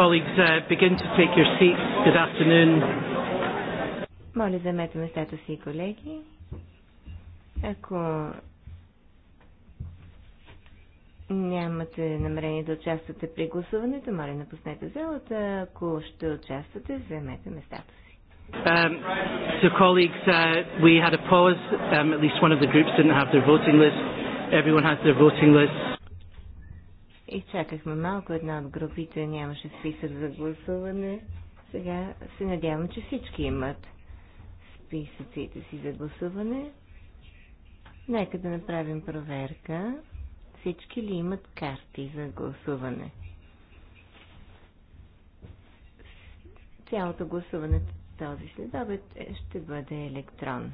Colleagues, uh, begin to take your seats. Good afternoon. Моля, заемете местата си, колеги. Ако нямате намерение да участвате при гласуването, моля, напуснете залата. Ако ще участвате, вземете местата си. Um, so, colleagues, uh, we had a pause. Um, at least one of the groups didn't have their voting list. Everyone has their voting list. Изчакахме малко, една от групите нямаше списък за гласуване. Сега се надявам, че всички имат списъците си за гласуване. Нека да направим проверка. Всички ли имат карти за гласуване? Цялото гласуване този следобед ще бъде електронно.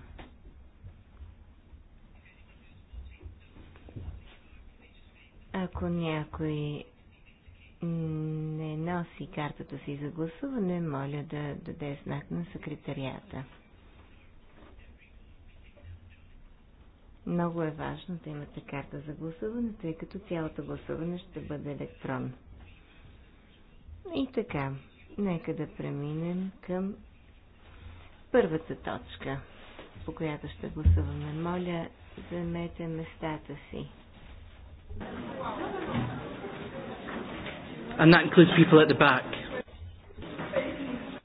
Ако някой не носи картата си за гласуване, моля да даде знак на секретарията. Много е важно да имате карта за гласуване, тъй като цялото гласуване ще бъде електронно. И така, нека да преминем към първата точка, по която ще гласуваме. Моля, замете местата си. And that includes people at the back.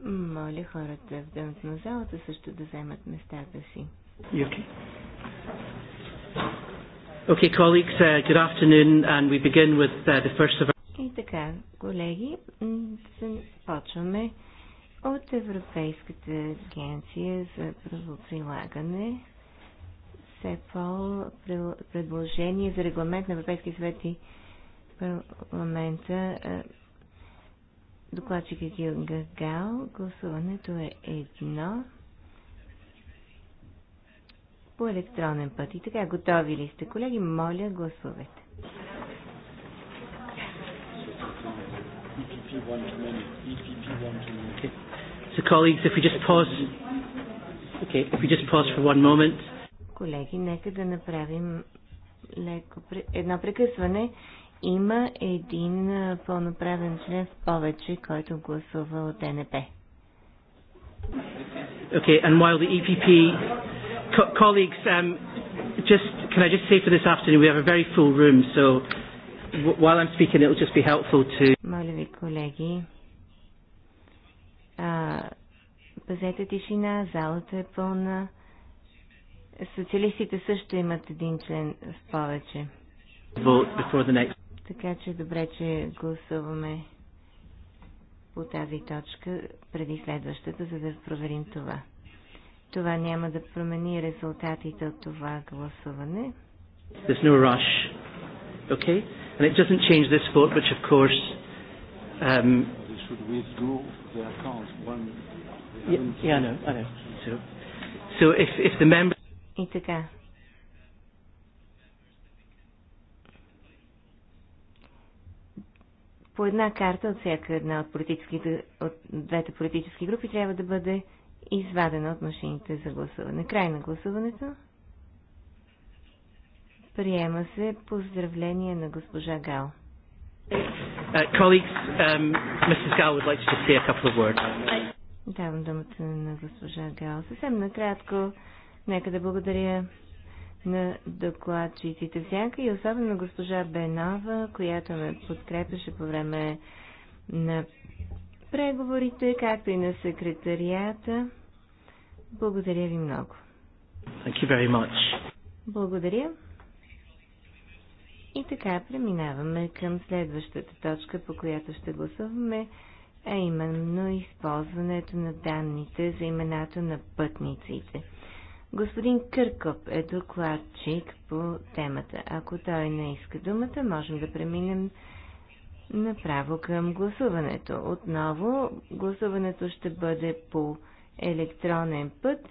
Моля хората в дъното на залата също да вземат местата си. okay? colleagues, uh, good afternoon, and we begin with uh, the first of our... И така, колеги, започваме от Европейската агенция за правоприлагане СЕПОЛ предложение за регламент на Европейски съвет и парламента. Е, докладчик е Гилга Гал. Гласуването е едно по електронен път. И така, готови ли сте, колеги? Моля, гласувайте. So colleagues, if we just pause, okay, if we just pause for one moment. Колеги, нека да направим леко, едно прекъсване. Има един пълноправен член в повече, който гласува от ДНП. Okay, and while the EPP co colleagues, um, just can I just say for this afternoon we have a very full room, so while I'm speaking, it will just be helpful to. Моля ви, колеги, а, пазете тишина, залата е пълна. Социалистите също имат един член в повече. Така че добре, че гласуваме по тази точка преди следващата, за да проверим това. Това няма да промени резултатите от това гласуване. There's no rush. Okay? And it doesn't change this vote, which of course... Um, should withdraw their account. One, yeah, yeah, I know, I know. So, so if, if the members... И така. По една карта от всяка една от, политическите, от двете политически групи трябва да бъде извадена от машините за гласуване. Край на гласуването. Приема се поздравление на госпожа Гал. Давам думата на госпожа Гал. Съвсем накратко Нека да благодаря на докладчиците всяка и особено госпожа Бенова, която ме подкрепяше по време на преговорите, както и на секретарията. Благодаря ви много. Thank you very much. Благодаря. И така преминаваме към следващата точка, по която ще гласуваме, а именно използването на данните за имената на пътниците. Господин Къркоп е докладчик по темата. Ако той не иска думата, можем да преминем направо към гласуването. Отново гласуването ще бъде по електронен път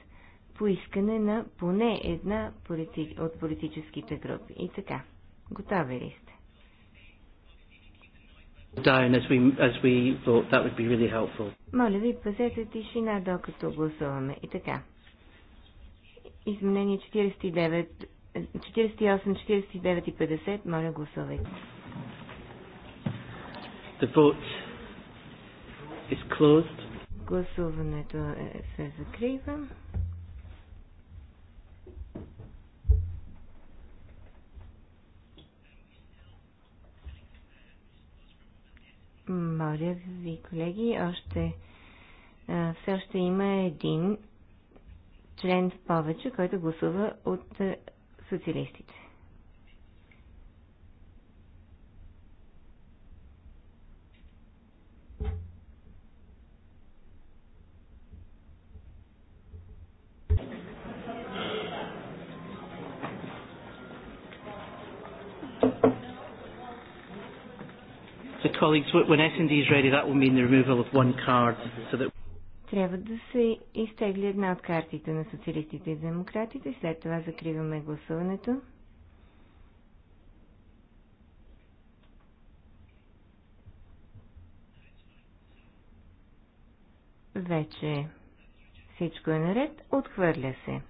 по искане на поне една полити... от политическите групи. И така, готови ли сте? Down as we, as we that would be really helpful. Моля ви, пазете тишина, докато гласуваме. И така. Изменение 49, 48, 49 и 50. Моля, гласувайте. The vote is closed. Гласуването е, се закрива. Моля ви, колеги, още все още има един член в повече, който гласува от социалистите. colleagues, when SND is ready, that will mean the removal of one card. So that трябва да се изтегли една от картите на социалистите и демократите. След това закриваме гласуването. Вече всичко е наред. Отхвърля се.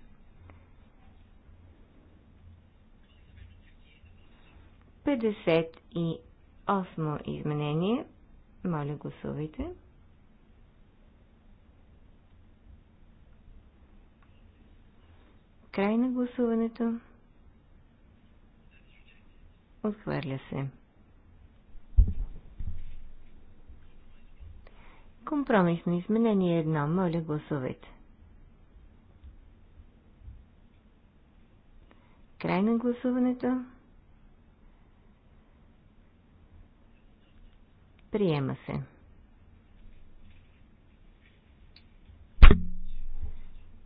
Петдесет и осмо изменение. Моля, гласувайте. Край на гласуването. Отхвърля се. Компромисно изменение едно. Моля, гласувайте. Край на гласуването. Приема се.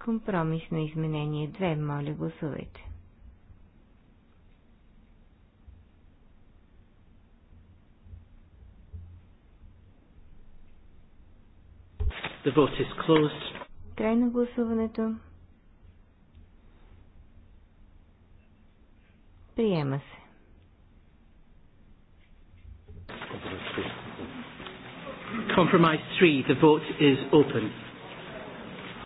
Компромисно изменение 2. Моля, гласувайте. The vote is closed. Край на гласуването. Приема се. Compromise 3. The vote is open.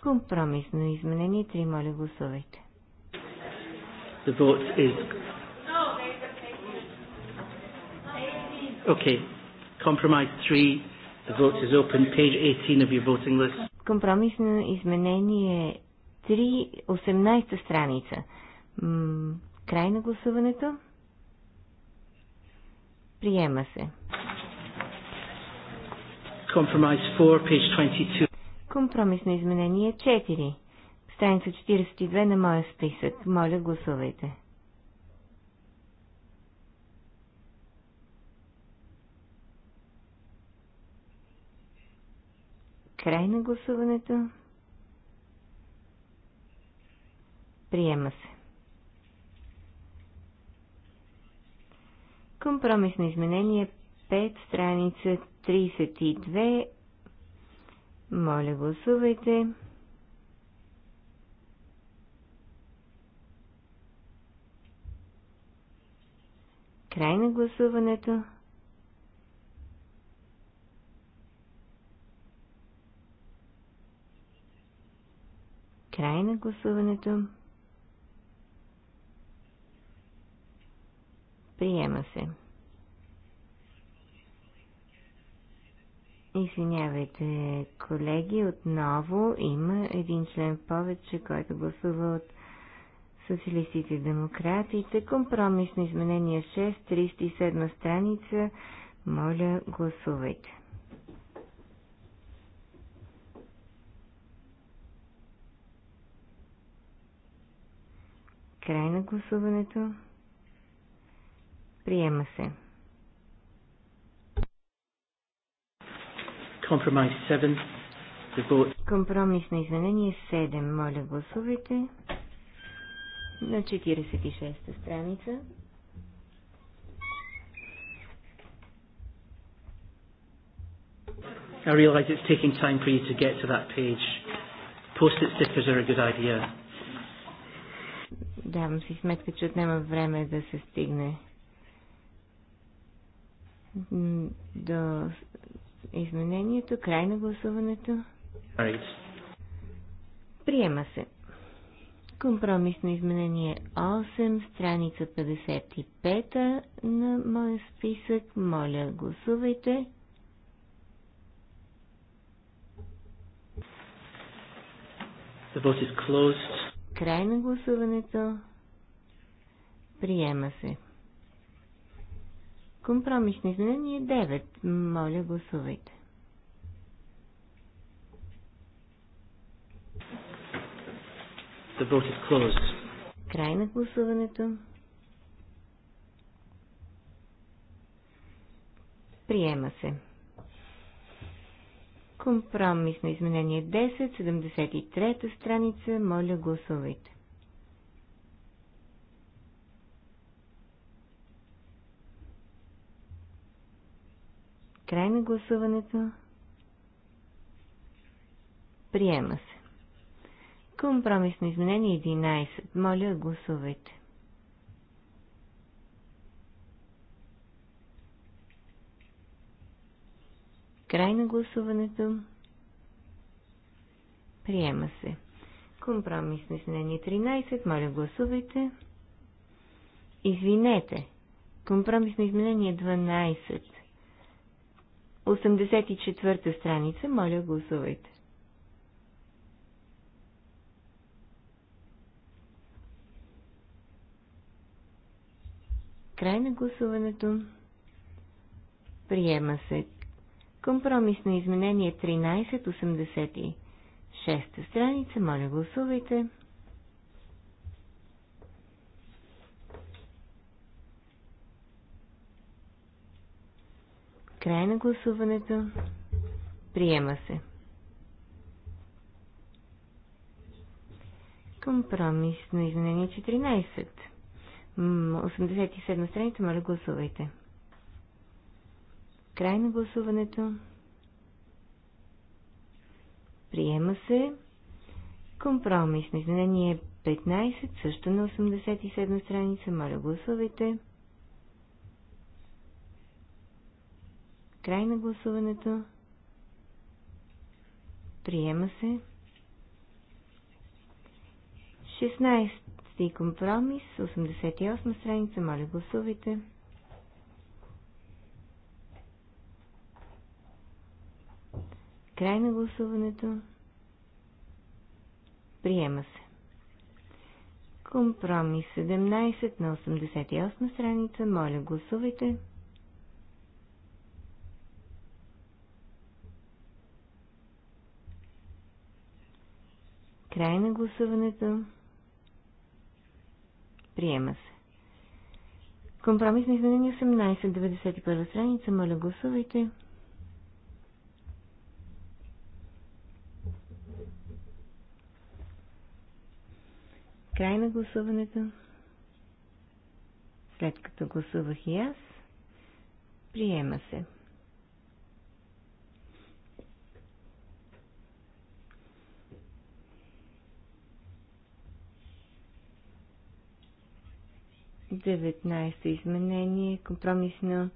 Компромисно изменение три Моля, гласувайте. The vote is... Okay. Compromise 3. The vote is open. Page 18 of your voting list. Компромисно изменение 3. 18 страница. М- край на гласуването. Приема се. Compromise 4, page 22. Компромисно изменение 4. Страница 42 на моя списък. Моля, гласувайте. Край на гласуването. Приема се. Компромисно изменение 5, страница 32 моля, гласувайте. Край на гласуването. Край на гласуването. Приема се. Извинявайте, колеги, отново има един член повече, който гласува от социалистите и демократите. Компромисно изменение 6, 37 страница. Моля, гласувайте. Край на гласуването. Приема се. Компромис на изменение 7. Моля, гласувайте. На 46-та страница. I realize it's taking time for you to get to that page. Post-it stickers are a good idea. Давам си сметка, че отнема време да се стигне до изменението, край на гласуването. Приема се. Компромисно изменение 8, страница 55 на моя списък. Моля, гласувайте. The vote is closed. Край на гласуването. Приема се. Компромисни изменение 9. Моля, гласувайте. The vote is closed. Край на гласуването. Приема се. Компромисно изменение 10, 73-та страница. Моля, гласувайте. Край на гласуването. Приема се. Компромисно изменение 11. Моля, гласувайте. Край на гласуването. Приема се. Компромисно изменение 13. Моля, гласувайте. Извинете. Компромисно изменение 12. 84-та страница, моля гласувайте. Край на гласуването. Приема се компромис на изменение 1386 страница, моля гласувайте. Край на гласуването. Приема се. Компромис на изменение 14. 87 страница, моля гласувайте. Край на гласуването. Приема се. Компромисно изменение 15, също на 87 страница, моля гласувайте. Край на гласуването. Приема се. 16 компромис, 88 страница, моля гласувайте. Край на гласуването. Приема се. Компромис 17 на 88 страница, моля гласувайте. Край на гласуването. Приема се. на изменение 18, 91 страница. Моля, гласувайте. Край на гласуването. След като гласувах и аз, приема се. 19 изменение, компромисно,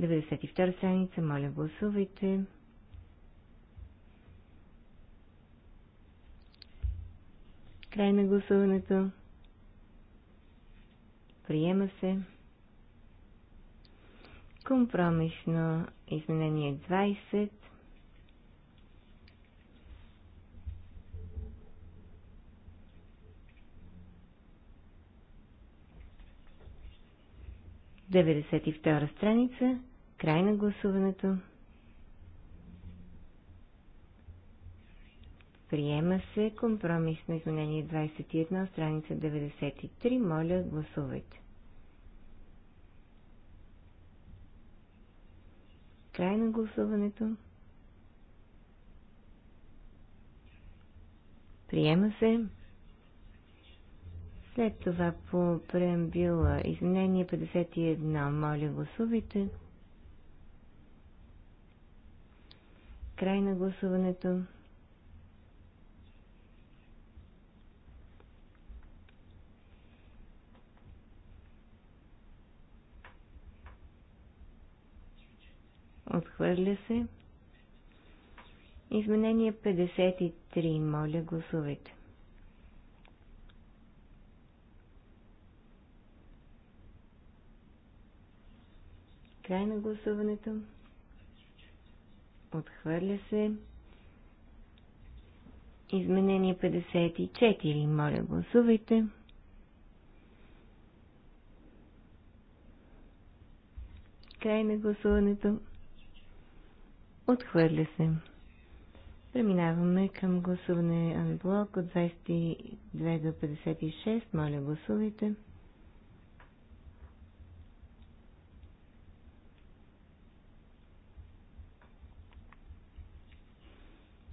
92 страница, моля гласувайте. Край на гласуването. Приема се. Компромисно изменение 20. 92 страница. Край на гласуването. Приема се компромисно изменение 21, страница 93. Моля, гласувайте. Край на гласуването. Приема се след това по преамбила изменение 51. Моля гласувайте. Край на гласуването. Отхвърля се. Изменение 53. Моля, гласувайте. Край на гласуването. Отхвърля се. Изменение 54. Моля, гласувайте. Край на гласуването. Отхвърля се. Преминаваме към гласуване анблок от 22 до 56. Моля, гласувайте.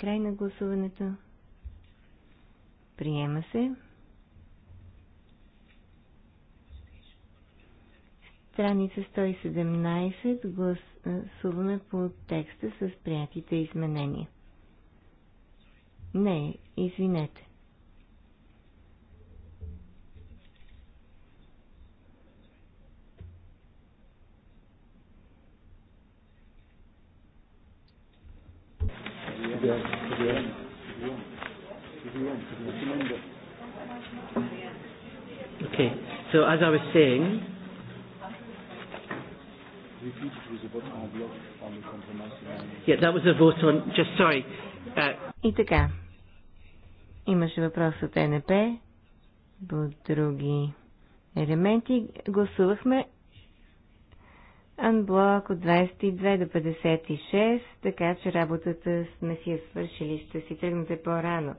Край на гласуването. Приема се. Страница 117. Гласуваме по текста с приятите изменения. Не, извинете. So as I was saying, yeah, that was a vote on, just sorry. Uh... И така, имаше въпрос от НП, до други елементи. Гласувахме анблок от 22 до 56, така че работата сме си я свършили. Ще си тръгнете по-рано.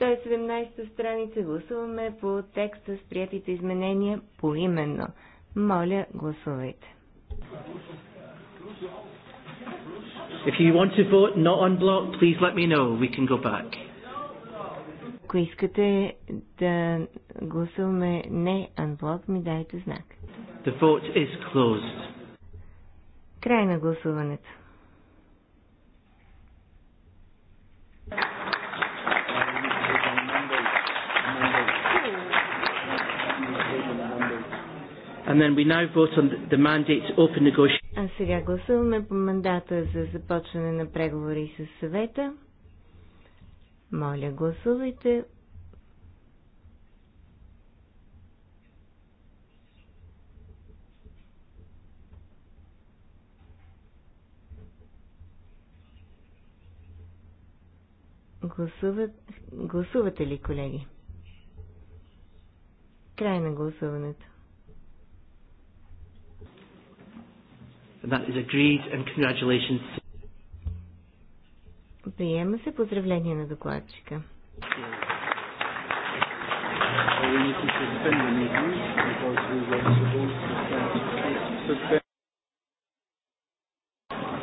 117 страница гласуваме по текста с приятите изменения поименно. Моля, гласувайте. If you want to vote not on block, please let me know. We can go back. Ако искате да гласуваме не анблок, ми дайте знак. The vote is closed. Край на гласуването. And then we now vote on the mandate to open negotiations. А сега гласуваме по мандата за започване на преговори с съвета. Моля, гласувайте. Гласуват, гласувате ли, колеги? Край на гласуването. And that is agreed and congratulations. Приема се поздравление на докладчика.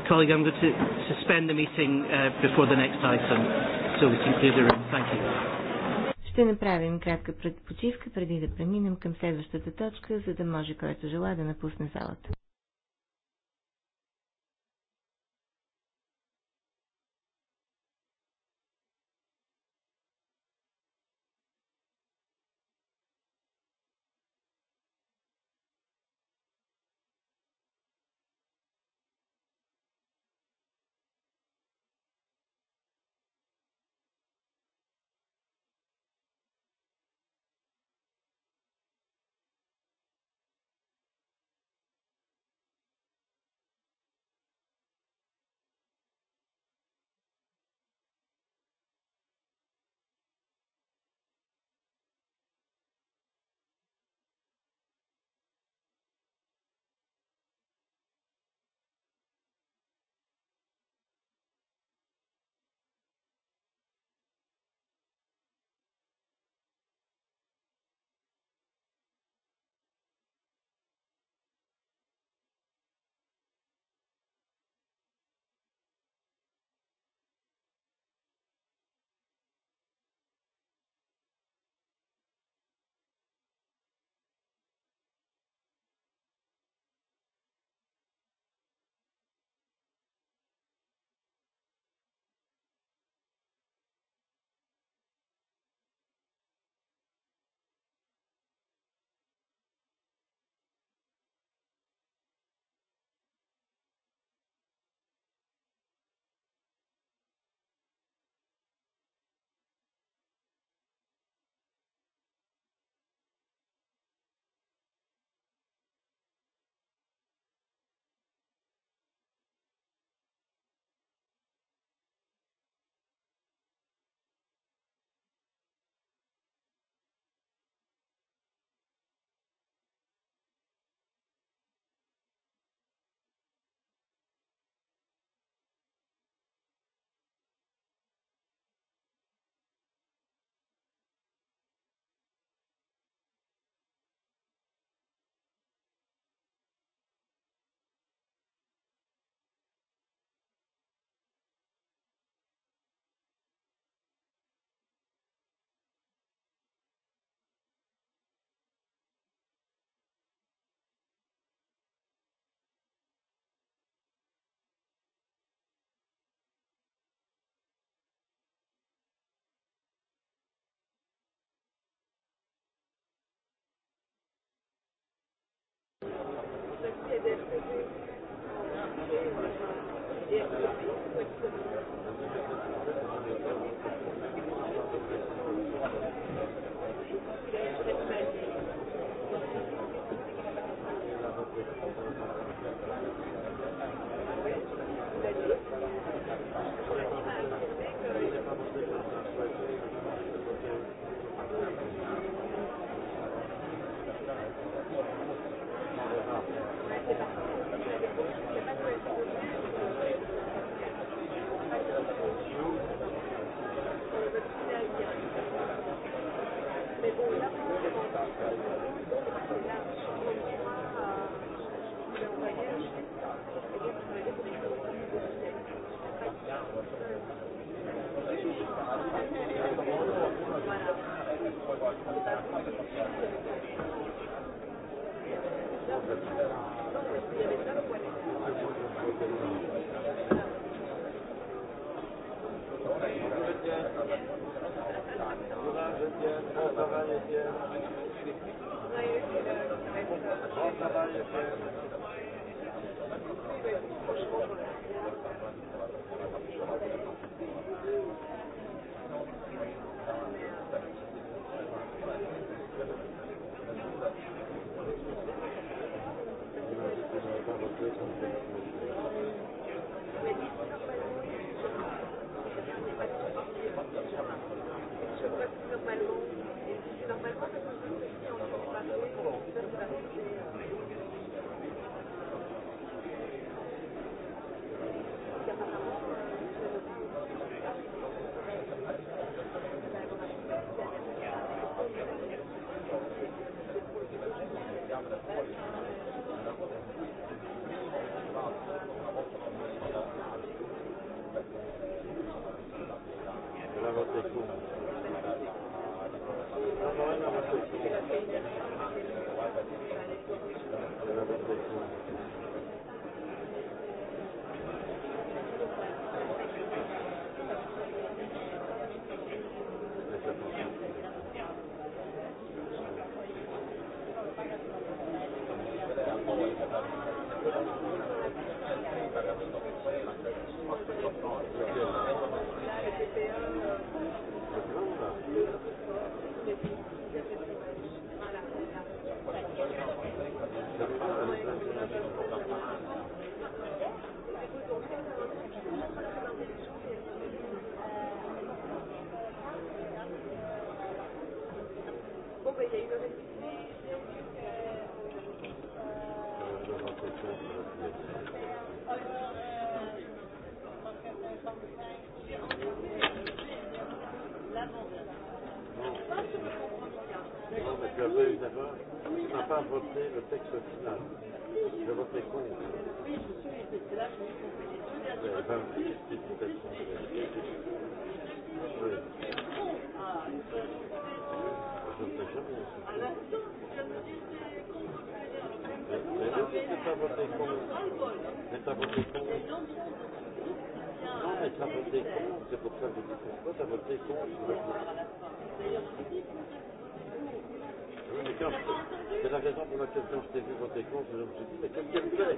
Colleague, I'm going to suspend the meeting uh, before the next item so we can clear the room. Thank you. Ще направим кратка почивка преди да преминем към следващата точка, за да може който желая да напусне залата. pas voté le texte final. Je votais contre. Oui, je suis, c'est là que je les deux derniers. Oui. Ah, je ne sais jamais. À l'instant, je me disais qu'on votait contre. Mais non, c'est pas voté contre. C'est pas voté contre. Non, mais ça voté contre, c'est pour ça que je dis pourquoi ça voté contre mais quand C'est la raison pour laquelle quand je t'ai vu voter contre, je me suis dit, mais qu'est-ce qu'elle fait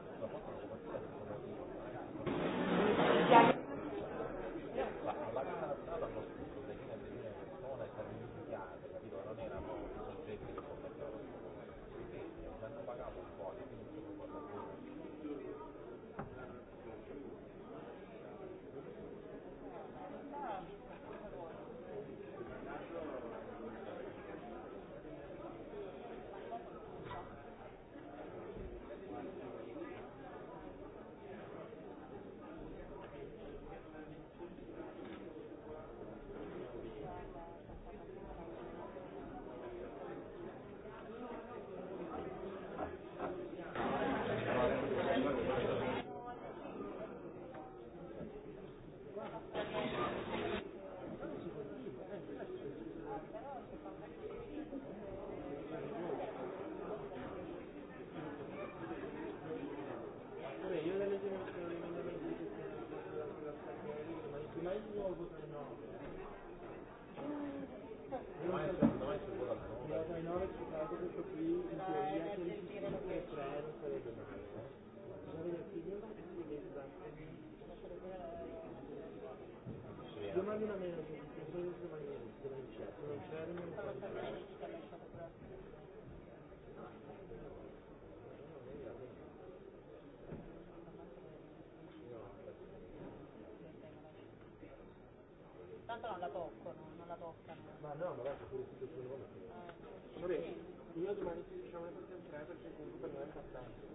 Tanto non la toccano, non la toccano. Ma no, ma lascia pure tutto il suo io domani ci diciamo le portiamo tre perché comunque per noi è importante.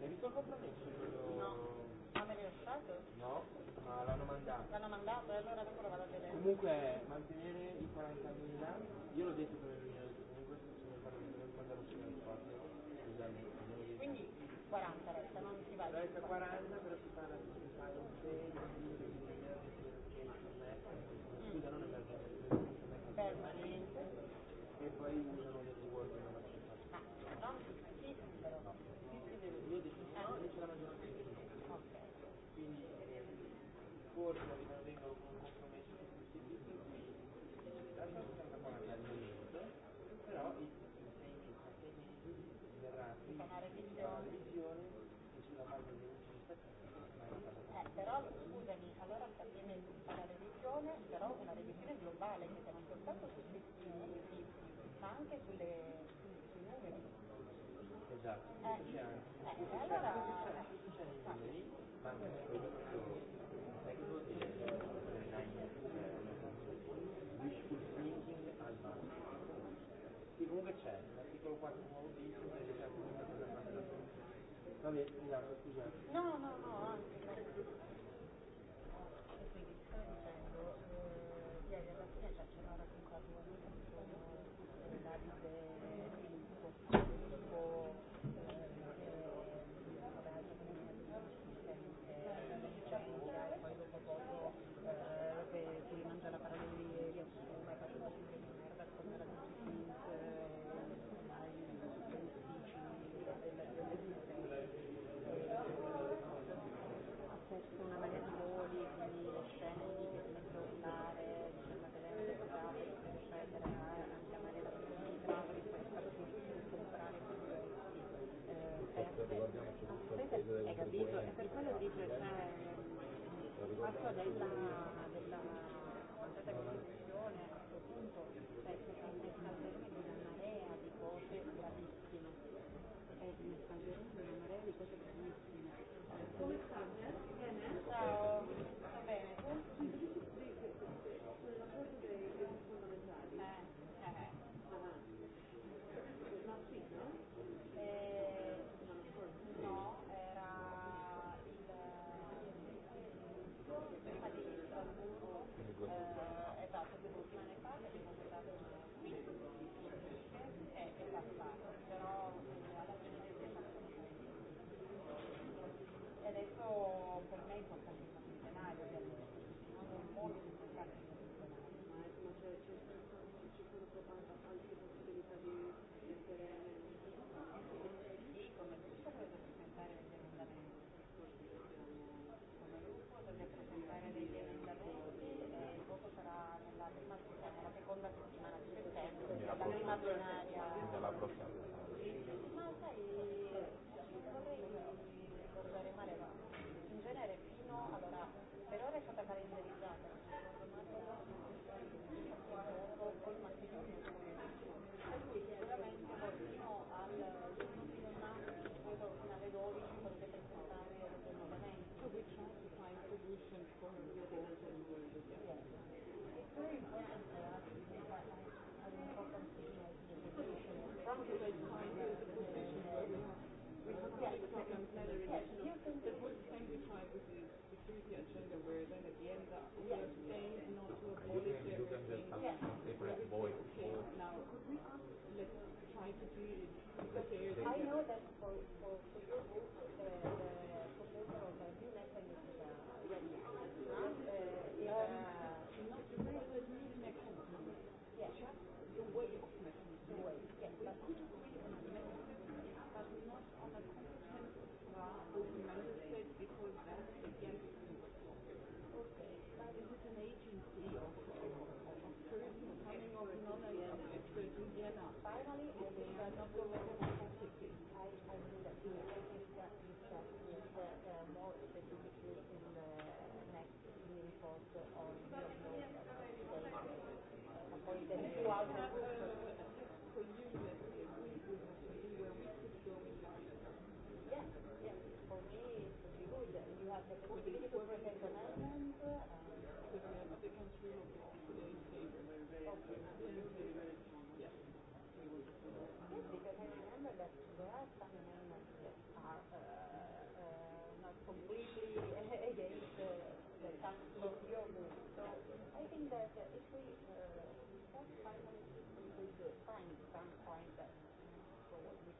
hai visto il compromesso? No. Ma me l'hai No mandato. L'hanno mandato e allora dopo lo vado a vedere. Comunque mantenere i 40 40.000, io l'ho detto per il mio, comunque di quando ero sulla 4, scusami. Quindi 40 resta, non si va. Resta 40, però si esatto, c'è anche, c'è, allora... c'è, c'è lì, ma anche il sai che vuol dire, wishful thinking al massimo. Sì, comunque c'è, l'articolo 4 nuovo dice, c'è qualcosa da fare Vabbè.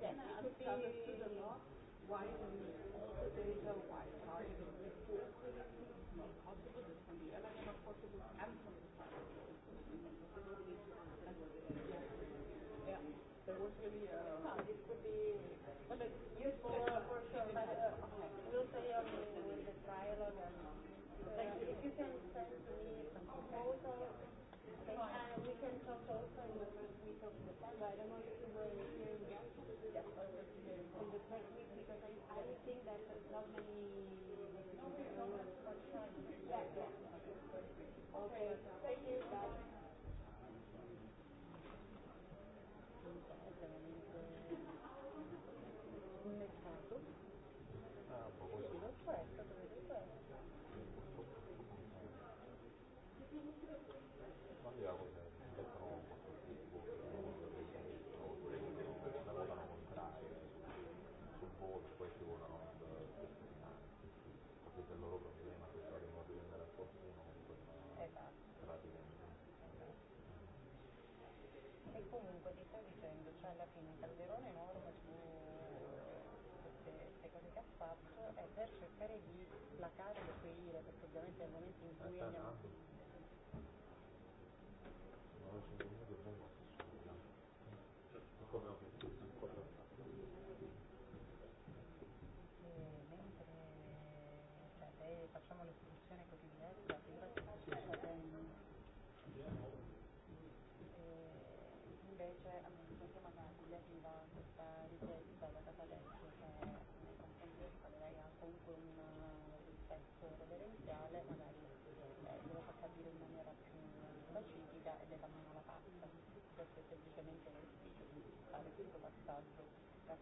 Then I'll start a student law. Why Exactamente, también incluyen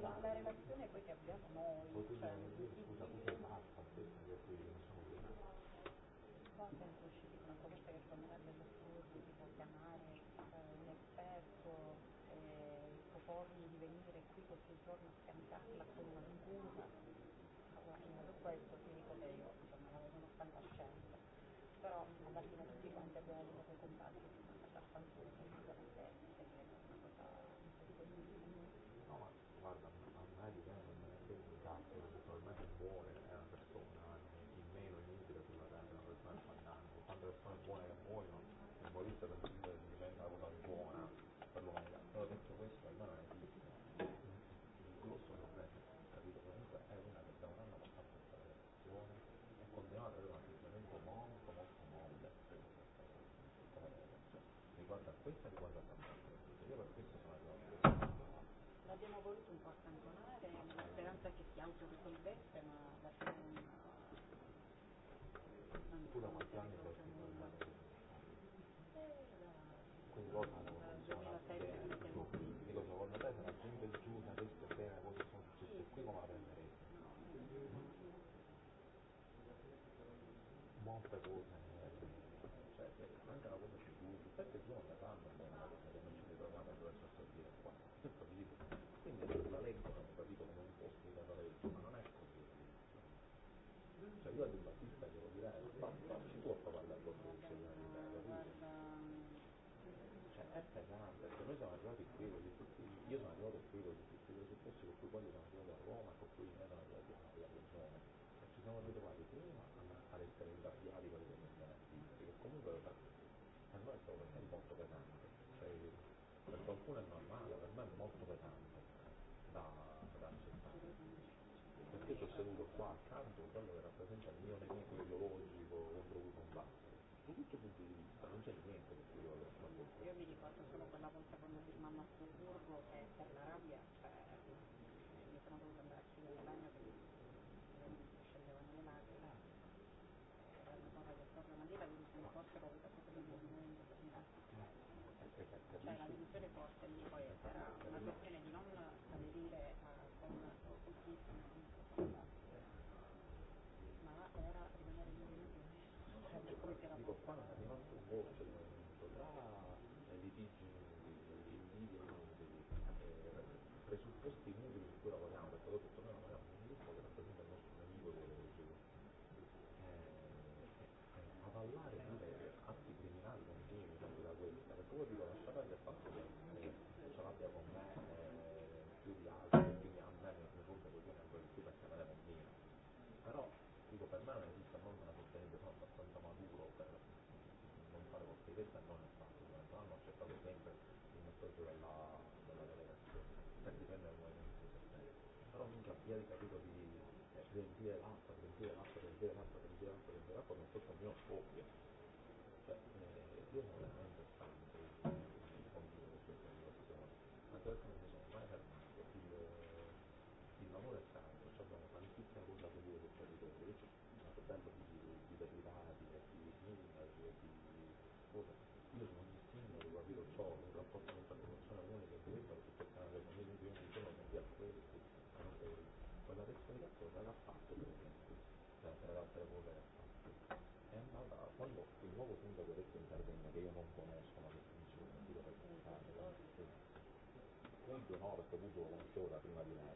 la relazione poi che abbiamo noi auto che converte ma lasciano un... Pure a Manzani сказали. الوضوء والصورة ثم بناء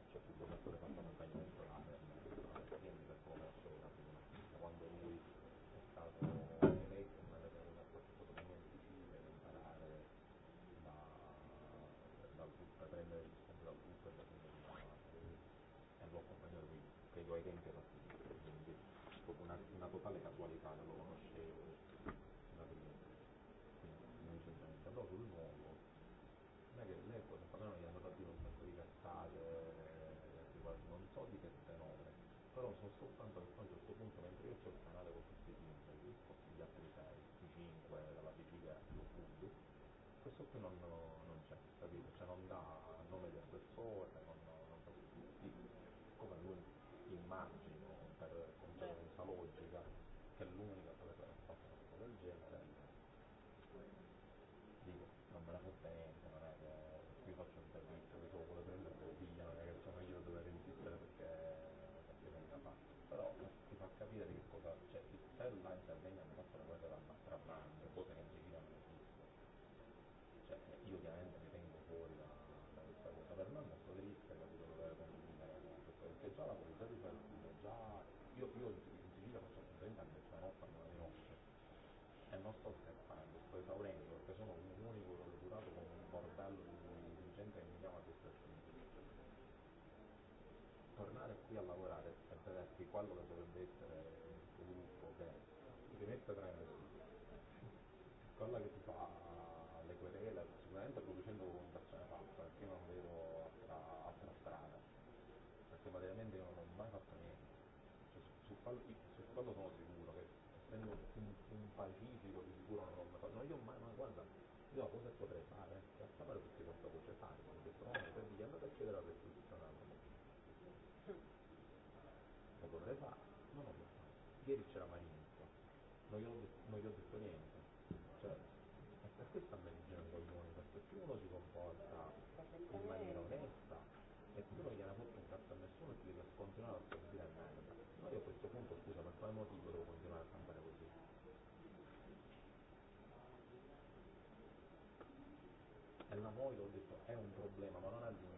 noi ho detto è un problema, ma non a noi,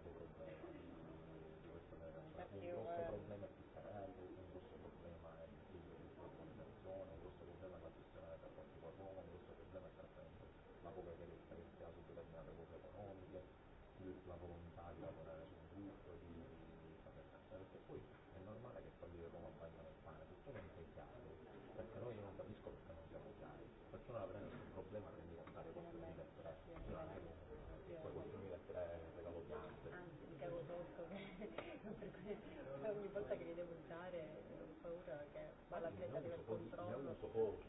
Бог.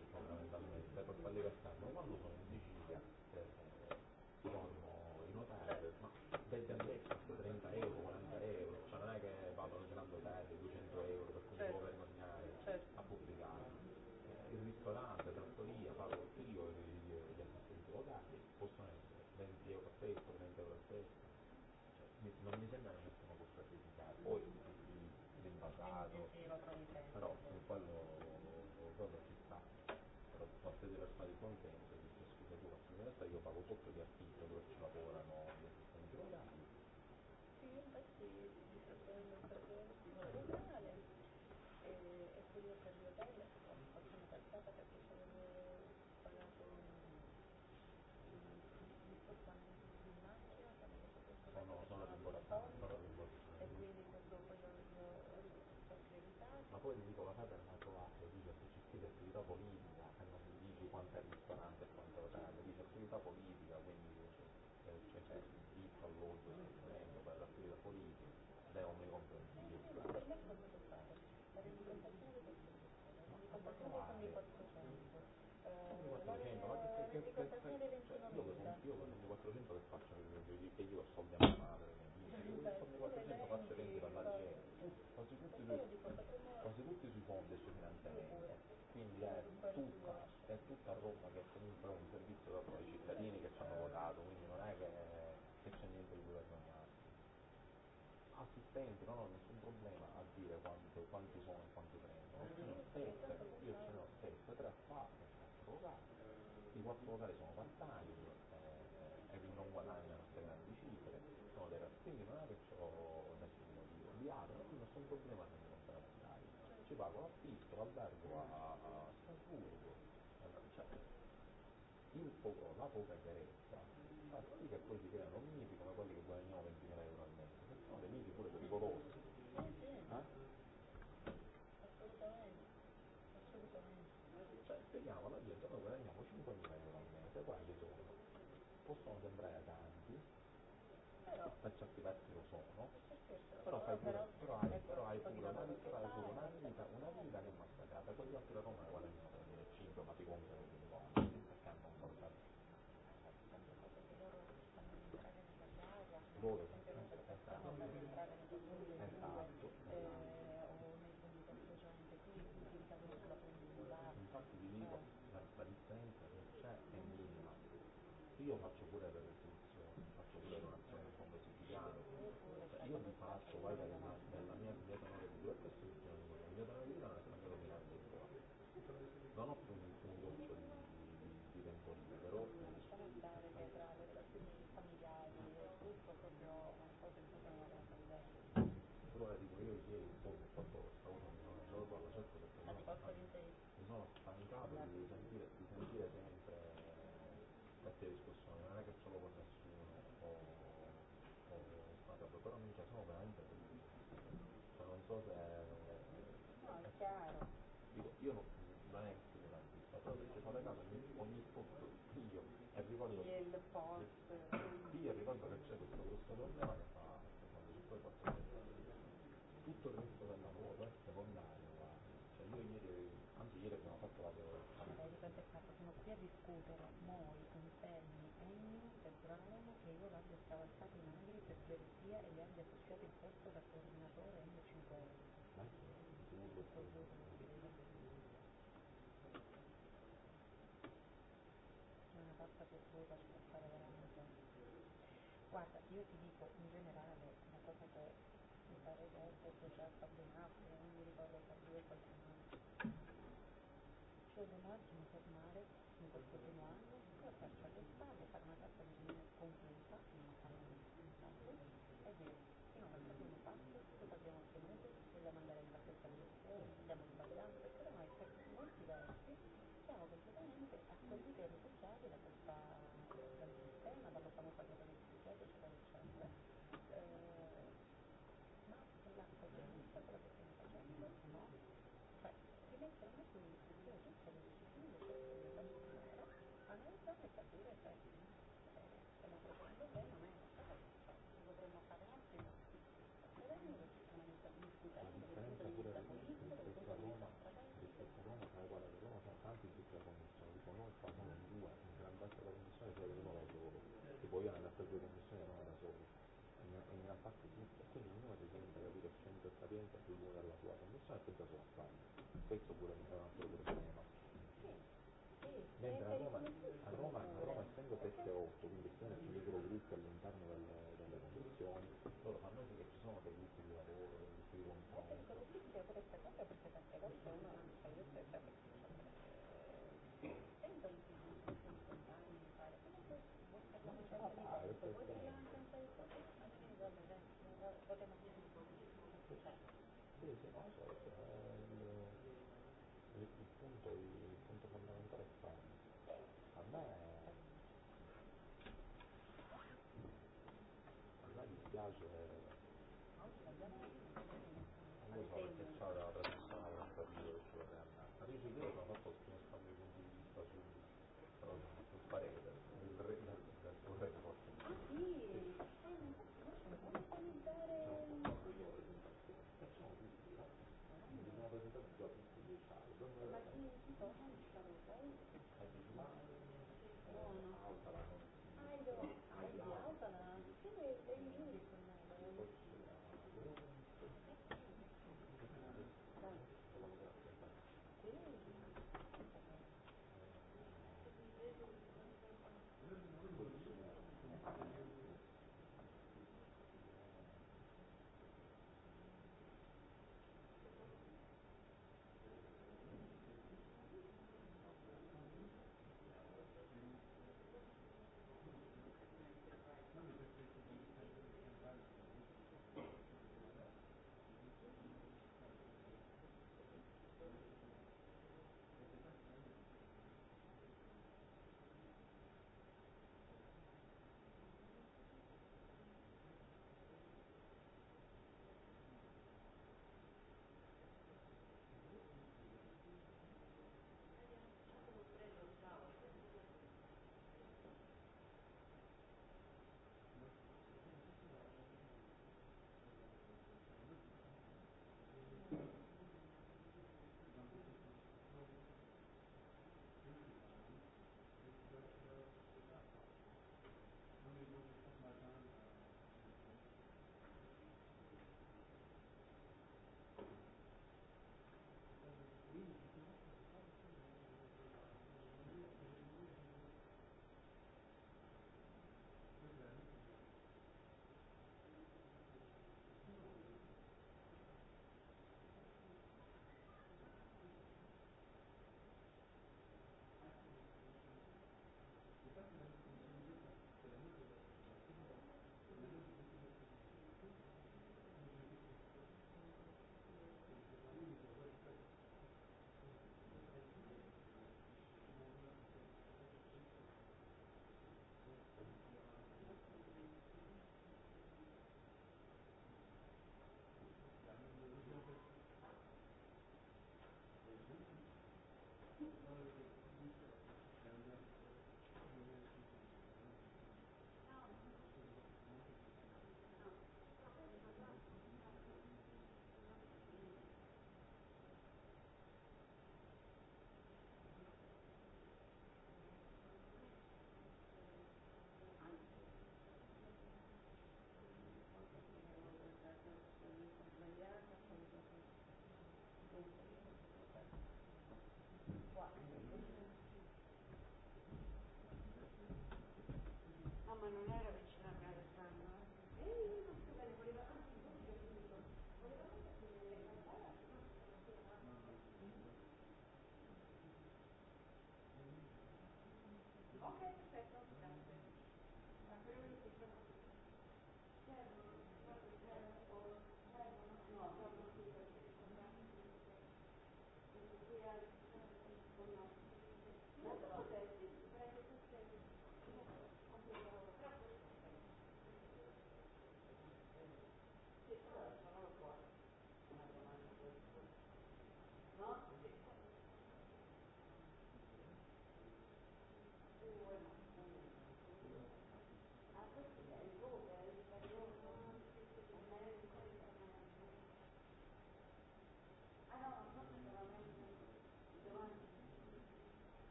по-къде. Thank you. vuelvas a pasar a la situación. Guarda, io ti dico in generale una cosa che mi pare che fosse già combinato, non mi ricordo per due qualche anno. Cioè domani mi fermare in questo primo anno expectativas.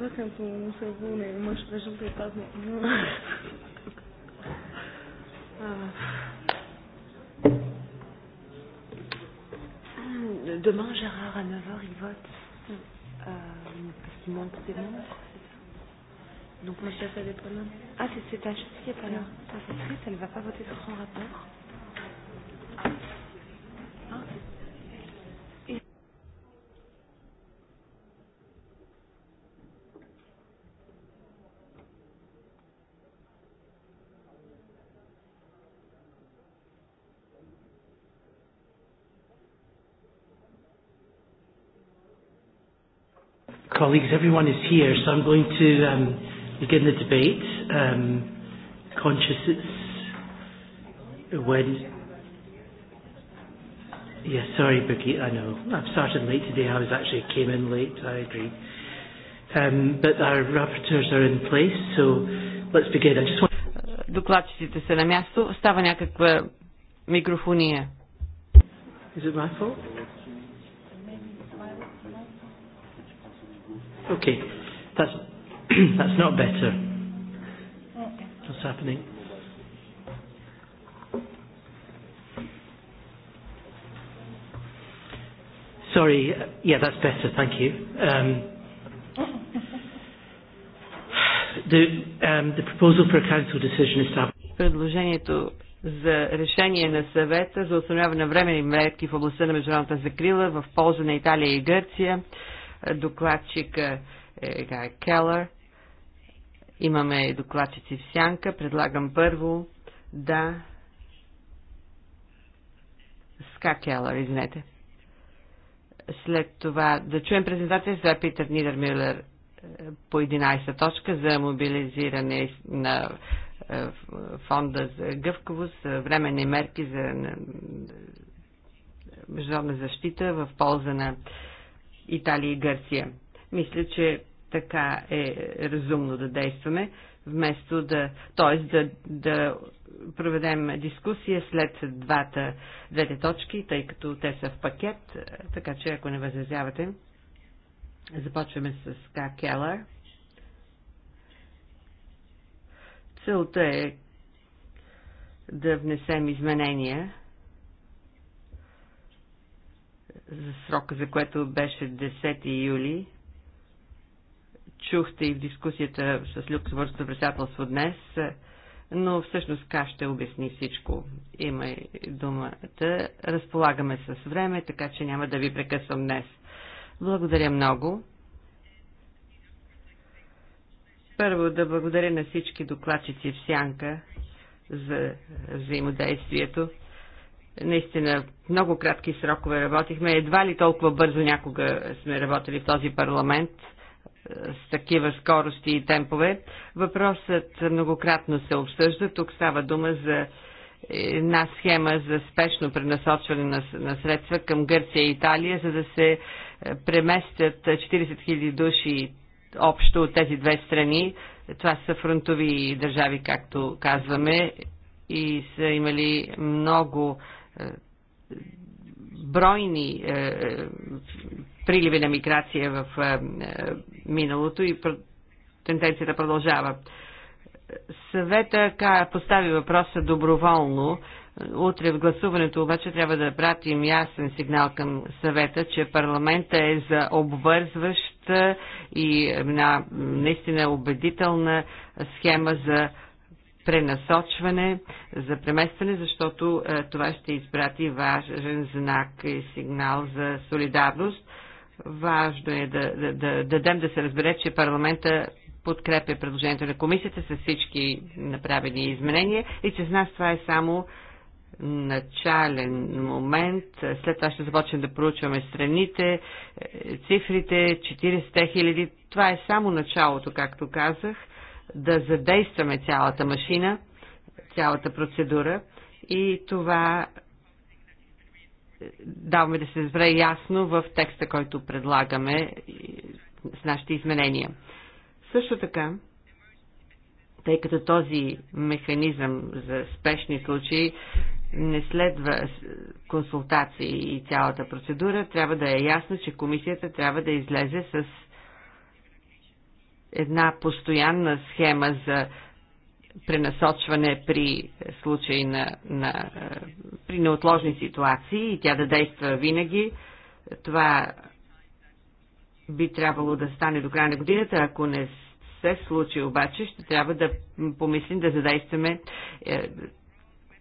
това съм по мусорно, не мъж беше припазно. Demain, Gérard, à 9h, il vote. Euh, parce qu'il manque ses membres. Donc, moi chef, elle est pas là. Ah, c'est cette chef qui est pas là. Ah, c'est triste, elle ne va pas voter sur son rapport. colleagues, everyone is here, so I'm going to um, begin the debate. Um, conscious it's when. Yeah, sorry, Brigitte, I know. I've started late today. I was actually came in late, I agree. Um, but our rapporteurs are in place, so let's begin. I just want... Докладчиците са на място. Става някаква микрофония. Is it my fault? Okay. That's, that's not better. What's happening? Sorry. Uh, yeah, that's better. Thank you. Um, the, um, the proposal for a council decision is Предложението за решение на съвета за установяване на временни мерки в областта на международната закрила в полза на Италия и Гърция докладчика е, Келър. Имаме докладчици в сянка. Предлагам първо да... Ска Келър, извинете. След това да чуем презентация за Питър Нидермюлер е, по 11 точка за мобилизиране на е, фонда за гъвкавост, временни мерки за международна защита в полза на Италия и Гърция. Мисля, че така е разумно да действаме, вместо да, т.е. Да, да проведем дискусия след двата, двете точки, тъй като те са в пакет, така че ако не възразявате, започваме с К. Келър. Целта е да внесем изменения за срока, за което беше 10 юли. Чухте и в дискусията с Люксембургското председателство днес, но всъщност Ка ще обясни всичко. Има и думата. Разполагаме с време, така че няма да ви прекъсвам днес. Благодаря много. Първо да благодаря на всички докладчици в Сянка за взаимодействието. Наистина, много кратки срокове работихме. Едва ли толкова бързо някога сме работили в този парламент е, с такива скорости и темпове. Въпросът многократно се обсъжда. Тук става дума за една схема за спешно пренасочване на, на средства към Гърция и Италия, за да се е, преместят 40 000 души общо от тези две страни. Това са фронтови държави, както казваме, и са имали много е, бройни е, приливи на миграция в е, миналото и тенденцията продължава. Съвета постави въпроса доброволно. Утре в гласуването обаче трябва да пратим ясен сигнал към съвета, че парламента е за обвързващ и на наистина убедителна схема за пренасочване, за преместване, защото е, това ще изпрати важен знак и сигнал за солидарност. Важно е да, да, да дадем да се разбере, че парламента подкрепя предложението на комисията с всички направени изменения и че с нас това е само начален момент. След това ще започнем да проучваме страните, е, цифрите, 40 хиляди. Това е само началото, както казах да задействаме цялата машина, цялата процедура и това е, даваме да се разбере ясно в текста, който предлагаме с нашите изменения. Също така, тъй като този механизъм за спешни случаи не следва консултации и цялата процедура, трябва да е ясно, че комисията трябва да излезе с една постоянна схема за пренасочване при случай на, на е, при неотложни ситуации и тя да действа винаги. Това би трябвало да стане до края на годината. Ако не се случи обаче, ще трябва да помислим да задействаме е,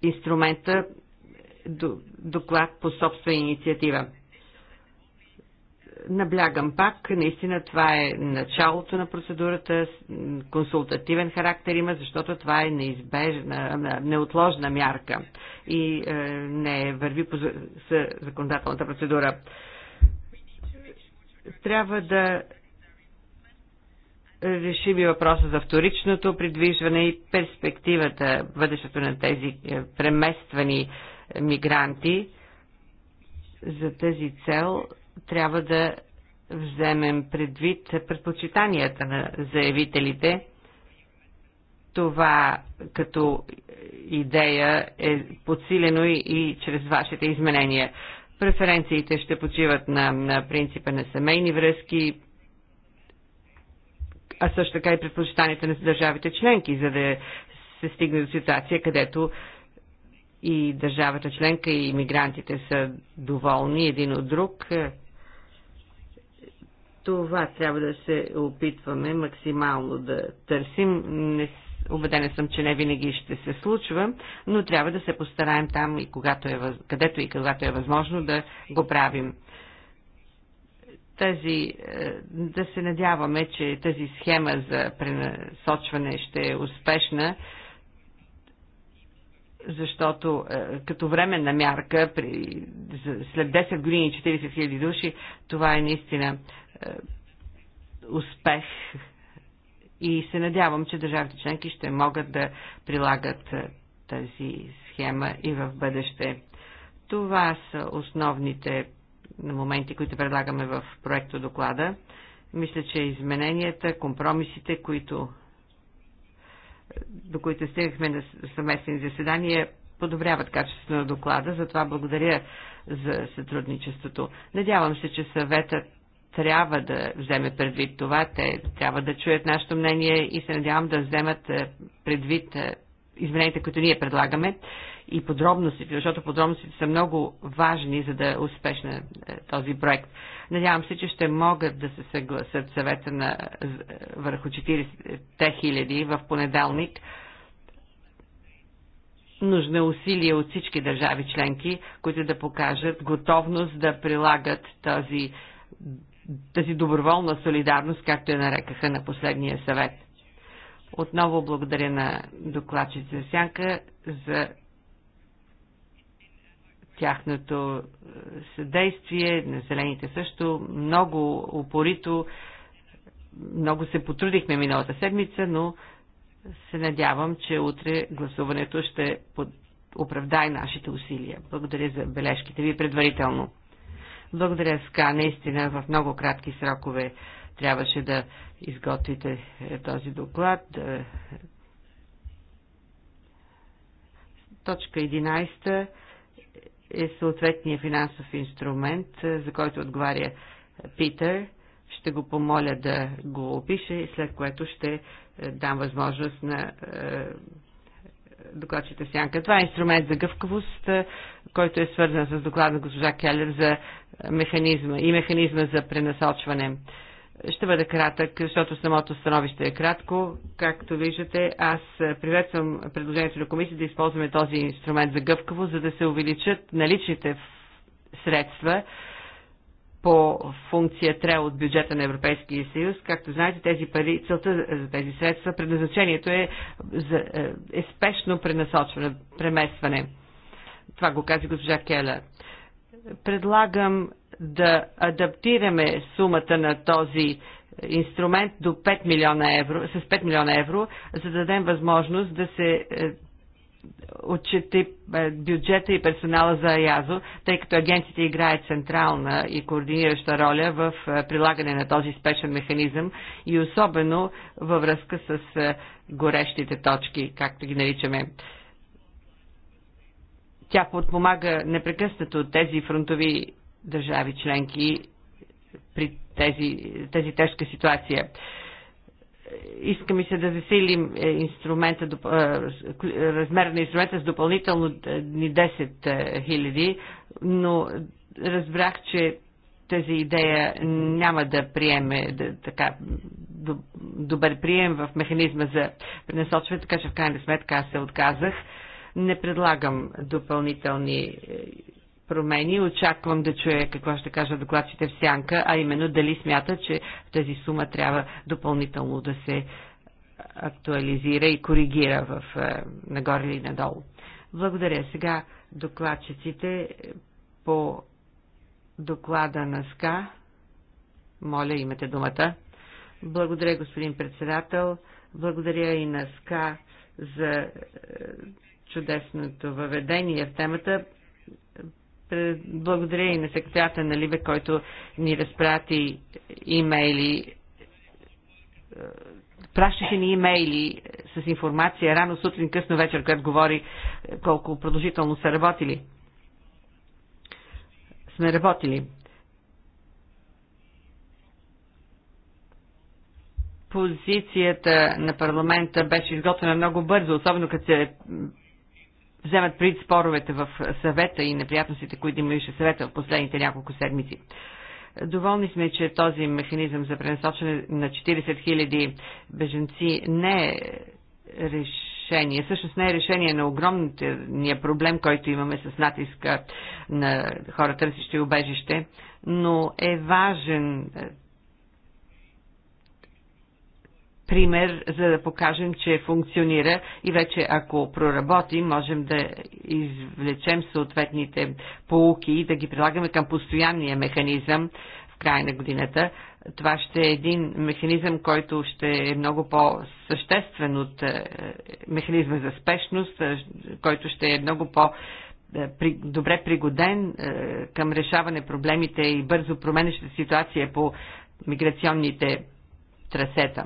инструмента доклад по собствена инициатива наблягам пак, наистина това е началото на процедурата, консултативен характер има, защото това е неизбежна, неотложна мярка и е, не върви по законодателната процедура. Трябва да решим и въпроса за вторичното придвижване и перспективата, бъдещето на тези е, премествани мигранти. За тази цел трябва да вземем предвид предпочитанията на заявителите. Това като идея е подсилено и, и чрез вашите изменения. Преференциите ще почиват на, на принципа на семейни връзки, а също така и предпочитанията на държавите членки, за да се стигне до ситуация, където и държавата членка и иммигрантите са доволни един от друг това трябва да се опитваме максимално да търсим. Не, убедена съм, че не винаги ще се случва, но трябва да се постараем там, и когато е, където и когато е възможно да го правим тази, е, да се надяваме, че тази схема за пренасочване ще е успешна, защото е, като временна мярка при, след 10 години и 40 хиляди души, това е наистина е, успех и се надявам, че държавите членки ще могат да прилагат е, тази схема и в бъдеще. Това са основните моменти, които предлагаме в проекто доклада. Мисля, че измененията, компромисите, които до които стигнахме на съместни заседания, подобряват качеството на доклада, затова благодаря за сътрудничеството. Надявам се, че съветът трябва да вземе предвид това, те трябва да чуят нашето мнение и се надявам да вземат е, предвид е, измененията, които ние предлагаме и подробностите, защото подробностите са много важни, за да е успешна е, този проект. Надявам се, че ще могат да се съгласят съвета на, върху 40 хиляди в понеделник. Нужно усилия усилие от всички държави членки, които да покажат готовност да прилагат този, тази доброволна солидарност, както я нарекаха на последния съвет. Отново благодаря на докладчица Сянка за тяхното е, съдействие, на зелените също много упорито, много се потрудихме миналата седмица, но се надявам, че утре гласуването ще под... оправдае нашите усилия. Благодаря за бележките ви предварително. Благодаря, Ска. Наистина в много кратки срокове трябваше да изготвите е, този доклад. Е, точка 11 е съответния финансов инструмент, е, за който отговаря Питър. Ще го помоля да го опише и след което ще е, дам възможност на е, докладчите сянка. Това е инструмент за гъвкавост, който е свързан с доклада на госпожа Келер за механизма и механизма за пренасочване. Ще бъда кратък, защото самото становище е кратко. Както виждате, аз приветствам предложението на комисията да използваме този инструмент за гъвкаво, за да се увеличат наличните средства по функция ТРЕ от бюджета на Европейския съюз. Както знаете, тези пари, целта за тези средства, предназначението е, за, е, е спешно пренасочване, преместване. Това го каза госпожа Кела. Предлагам да адаптираме сумата на този инструмент до 5 милиона евро, с 5 милиона евро, за да дадем възможност да се е, отчете бюджета и персонала за Аязо, тъй като агенците играят централна и координираща роля в е, прилагане на този спешен механизъм и особено във връзка с е, горещите точки, както ги наричаме. Тя подпомага непрекъснато тези фронтови държави членки при тези, тази тежка ситуация. Иска ми се да засилим е, инструмента, е, размер на инструмента с допълнително ни 10 000, но разбрах, че тази идея няма да приеме да, така добър прием в механизма за пренасочване, така че в крайна сметка аз се отказах. Не предлагам допълнителни е, промени. Очаквам да чуя какво ще кажа докладчите в сянка, а именно дали смята, че тази сума трябва допълнително да се актуализира и коригира в, е, нагоре или надолу. Благодаря. Сега докладчиците по доклада на СКА. Моля, имате думата. Благодаря, господин председател. Благодаря и на СКА за е, чудесното въведение в темата. Благодаря и на секцията на Либе, който ни разпрати имейли. Е, пращаше ни имейли с информация рано сутрин, късно вечер, когато говори е, колко продължително са работили. Сме работили. позицията на парламента беше изготвена много бързо, особено като се вземат пред споровете в съвета и неприятностите, които имаше съвета в последните няколко седмици. Доволни сме, че този механизъм за пренасочване на 40 000 беженци не е решение. Същност не е решение на огромния проблем, който имаме с натиска на хората, търсещи убежище, но е важен пример, за да покажем, че функционира и вече ако проработим, можем да извлечем съответните полуки и да ги прилагаме към постоянния механизъм в края на годината. Това ще е един механизъм, който ще е много по-съществен от е, механизма за спешност, е, който ще е много по- е, добре пригоден към решаване проблемите и бързо променеща ситуация по миграционните трасета.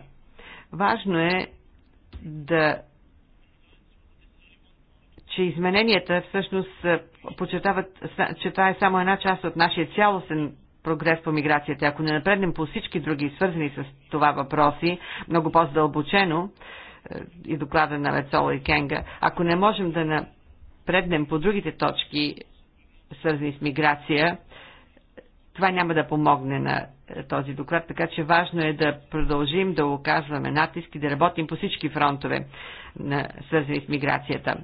Важно е да че измененията всъщност е, подчертават, че това е само една част от нашия цялостен прогрес по миграцията. Ако не напреднем по всички други свързани с това въпроси, много по-задълбочено, е, и доклада на Вецола и Кенга, ако не можем да напреднем по другите точки, свързани с миграция, това няма да помогне на е, този доклад, така че важно е да продължим да оказваме натиск и да работим по всички фронтове, свързани с миграцията.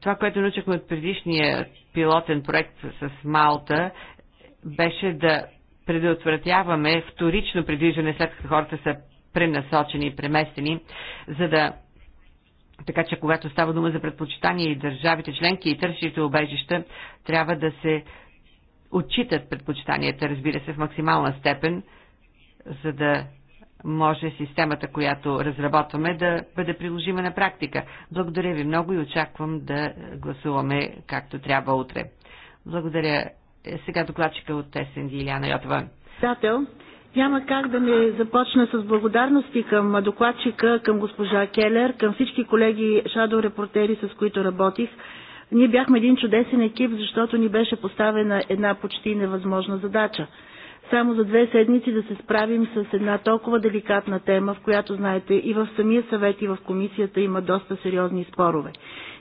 Това, което научихме от предишния пилотен проект с Малта, беше да предотвратяваме вторично придвижване след като хората са пренасочени и преместени, за да така че когато става дума за предпочитание и държавите членки и търсите обежища, трябва да се отчитат предпочитанията, разбира се, в максимална степен, за да може системата, която разработваме, да бъде приложима на практика. Благодаря ви много и очаквам да гласуваме както трябва утре. Благодаря. Е, сега докладчика от СНД Иляна Йотова. Председател, няма как да не започна с благодарности към докладчика, към госпожа Келер, към всички колеги шадо репортери, с които работих ние бяхме един чудесен екип, защото ни беше поставена една почти невъзможна задача. Само за две седмици да се справим с една толкова деликатна тема, в която, знаете, и в самия съвет, и в комисията има доста сериозни спорове.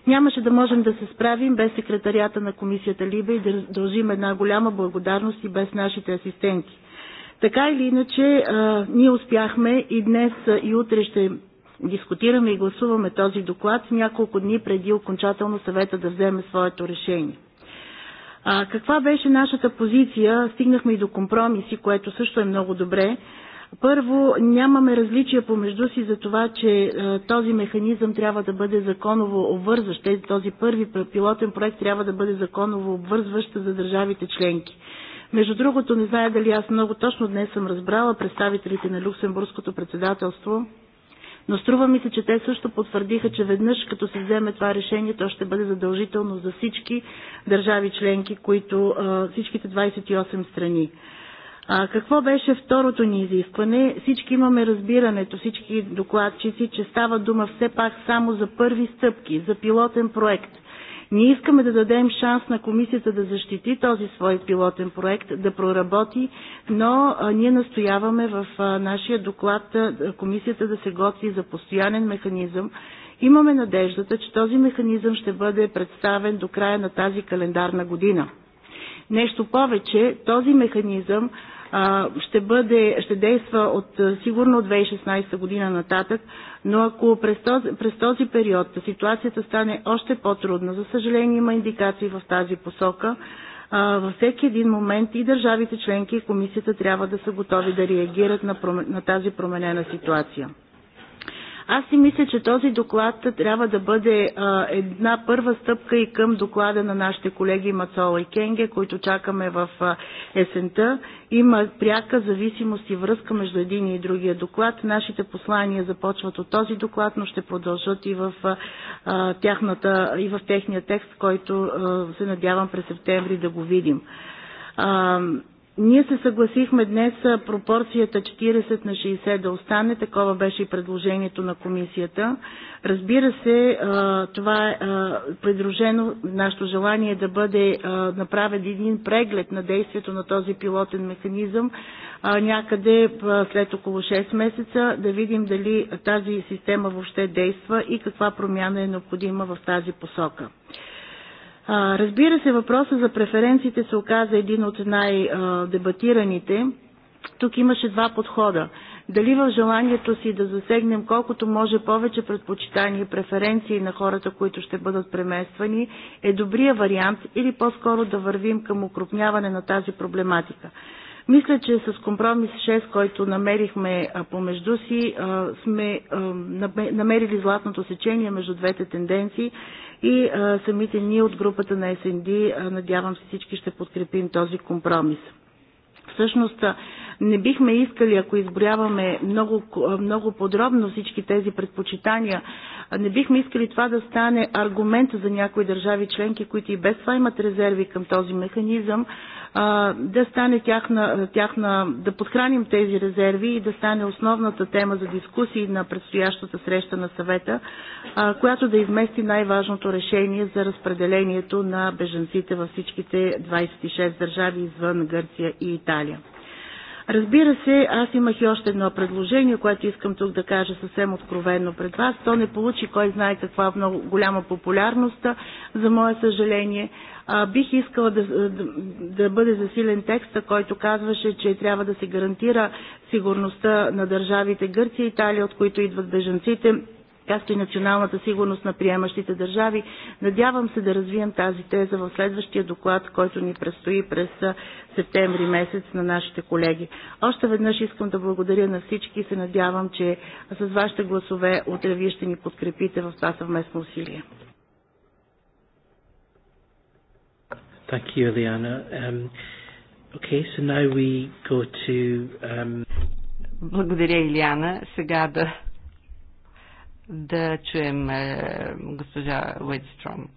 Нямаше да можем да се справим без секретарията на комисията Либе и да дължим една голяма благодарност и без нашите асистенти. Така или иначе, ние успяхме и днес и утре ще дискутираме и гласуваме този доклад няколко дни преди окончателно съвета да вземе своето решение. А, каква беше нашата позиция? Стигнахме и до компромиси, което също е много добре. Първо, нямаме различия помежду си за това, че е, този механизъм трябва да бъде законово обвързващ. Тези, този първи пилотен проект трябва да бъде законово обвързващ за държавите членки. Между другото, не зная дали аз много точно днес съм разбрала представителите на Люксембургското председателство, но струва ми се, че те също потвърдиха, че веднъж като се вземе това решение, то ще бъде задължително за всички държави членки, които, всичките 28 страни. А, какво беше второто ни изискване? Всички имаме разбирането, всички докладчици, че става дума все пак само за първи стъпки, за пилотен проект – ние искаме да дадем шанс на комисията да защити този свой пилотен проект, да проработи, но ние настояваме в нашия доклад комисията да се готви за постоянен механизъм. Имаме надеждата, че този механизъм ще бъде представен до края на тази календарна година. Нещо повече, този механизъм ще, бъде, ще действа от, сигурно от 2016 година нататък, но ако през този, през този период ситуацията стане още по-трудна, за съжаление има индикации в тази посока, във всеки един момент и държавите членки и комисията трябва да са готови да реагират на, на тази променена ситуация. Аз си мисля, че този доклад трябва да бъде а, една първа стъпка и към доклада на нашите колеги Мацола и Кенге, които чакаме в а, есента. Има пряка зависимост и връзка между един и другия доклад. Нашите послания започват от този доклад, но ще продължат и в, а, тяхната, и в техния текст, който а, се надявам през септември да го видим. А, ние се съгласихме днес пропорцията 40 на 60 да остане. Такова беше и предложението на комисията. Разбира се, това е придружено нашето желание да бъде направен един преглед на действието на този пилотен механизъм някъде след около 6 месеца, да видим дали тази система въобще действа и каква промяна е необходима в тази посока. Разбира се, въпроса за преференциите се оказа един от най-дебатираните. Тук имаше два подхода. Дали в желанието си да засегнем колкото може повече предпочитания и преференции на хората, които ще бъдат премествани, е добрия вариант или по-скоро да вървим към укрупняване на тази проблематика. Мисля, че с компромис 6, който намерихме помежду си, сме намерили златното сечение между двете тенденции и а, самите ние от групата на СНД, надявам се всички ще подкрепим този компромис. Всъщност не бихме искали, ако изборяваме много, много подробно всички тези предпочитания, не бихме искали това да стане аргумент за някои държави членки, които и без това имат резерви към този механизъм, да стане тяхна, тяхна, да подхраним тези резерви и да стане основната тема за дискусии на предстоящата среща на съвета, която да измести най-важното решение за разпределението на беженците във всичките 26 държави извън Гърция и Италия. Разбира се, аз имах и още едно предложение, което искам тук да кажа съвсем откровенно пред вас. То не получи кой знае каква много голяма популярност, за мое съжаление. А, бих искала да, да, да бъде засилен текста, който казваше, че трябва да се гарантира сигурността на държавите Гърция и Италия, от които идват бежанците както и националната сигурност на приемащите държави. Надявам се да развием тази теза в следващия доклад, който ни предстои през септември месец на нашите колеги. Още веднъж искам да благодаря на всички и се надявам, че с вашите гласове утре вие ще ни подкрепите в това съвместно усилие. Thank you, Eliana. Um, okay, so now we go to... Um... Благодаря, Илиана. Сега да да чуем е, госпожа Уитстром.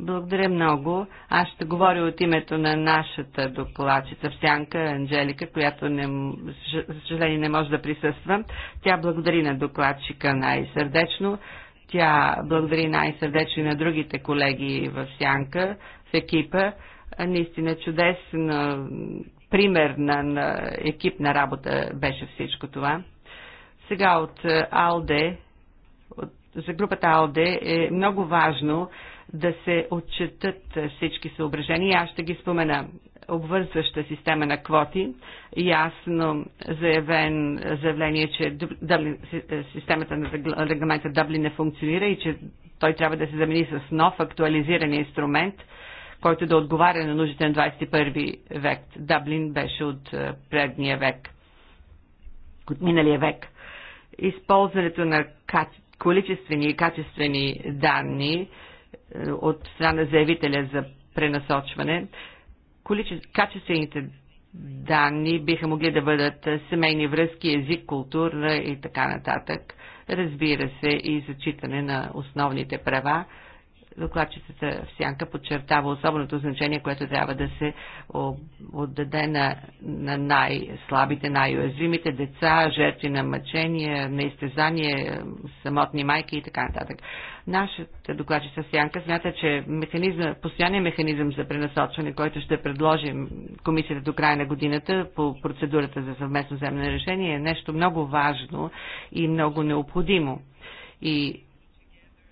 Благодаря много. Аз ще говоря от името на нашата докладчица Всянка Сянка, Анджелика, която не, за съжаление не може да присъства. Тя благодари на докладчика най-сърдечно. Тя благодари най-сърдечно и на другите колеги в Сянка, в екипа. Наистина чудесен пример на, на екипна работа беше всичко това. Сега от Алде за групата АЛДЕ е много важно да се отчетат всички съображения. Аз ще ги спомена. Обвързваща система на квоти, ясно заявен, заявление, че Дъблин, е, системата на регламента Дъблин не функционира и че той трябва да се замени с нов актуализиран инструмент, който да отговаря на нуждите на 21 век. Дъблин беше от е, предния век, от миналия век. Използването на количествени и качествени данни е, от страна заявителя за пренасочване. Количе... Качествените данни биха могли да бъдат семейни връзки, език, култура и така нататък. Разбира се и зачитане на основните права Докладчицата в сянка подчертава особеното значение, което трябва да се отдаде на, на най-слабите, най-уязвимите деца, жертви на мъчение, на изтезание, самотни майки и така нататък. Нашата докладчица Сянка смята, че механизъм, постоянният механизъм за пренасочване, който ще предложим комисията до края на годината по процедурата за съвместно вземане решение, е нещо много важно и много необходимо. И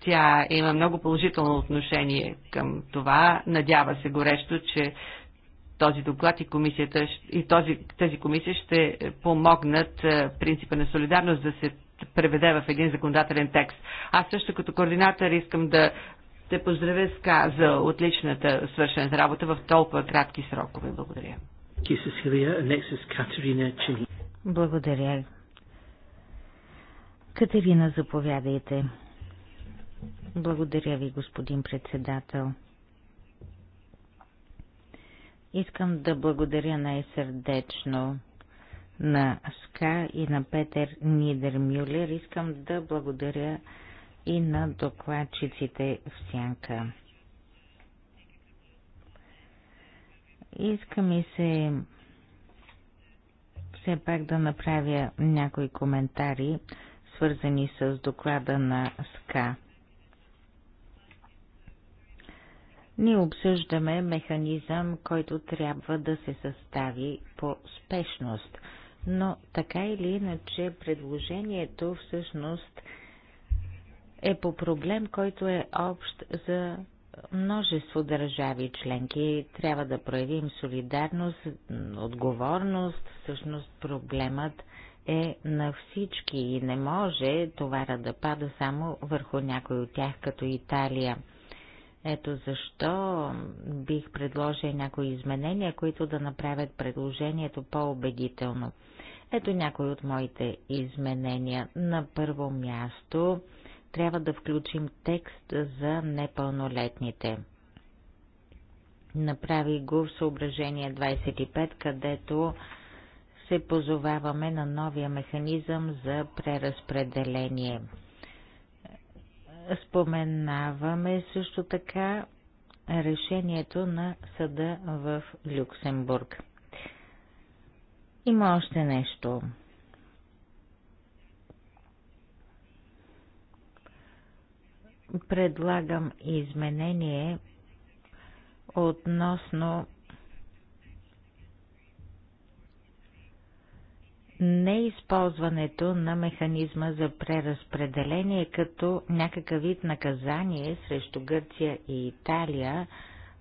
тя има много положително отношение към това. Надява се горещо, че този доклад и, комисията, и този, тази комисия ще помогнат е, принципа на солидарност да се преведе в един законодателен текст. Аз също като координатор искам да те поздравя СКА за отличната свършена работа в толкова кратки срокове. Благодаря. Благодаря. Катерина, заповядайте. Благодаря ви, господин председател. Искам да благодаря най-сърдечно на Ска и на Петър Нидермюлер. Искам да благодаря и на докладчиците в Сянка. Иска ми се все пак да направя някои коментари, свързани с доклада на СКА. Ние обсъждаме механизъм, който трябва да се състави по спешност, но така или иначе предложението всъщност е по проблем, който е общ за множество държави членки. Трябва да проявим солидарност, отговорност. Всъщност проблемът е на всички и не може товара да пада само върху някой от тях, като Италия – ето защо бих предложил някои изменения, които да направят предложението по-убедително. Ето някои от моите изменения. На първо място трябва да включим текст за непълнолетните. Направи го в съображение 25, където се позоваваме на новия механизъм за преразпределение. Споменаваме също така решението на съда в Люксембург. Има още нещо. Предлагам изменение относно неизползването на механизма за преразпределение като някакъв вид наказание срещу Гърция и Италия,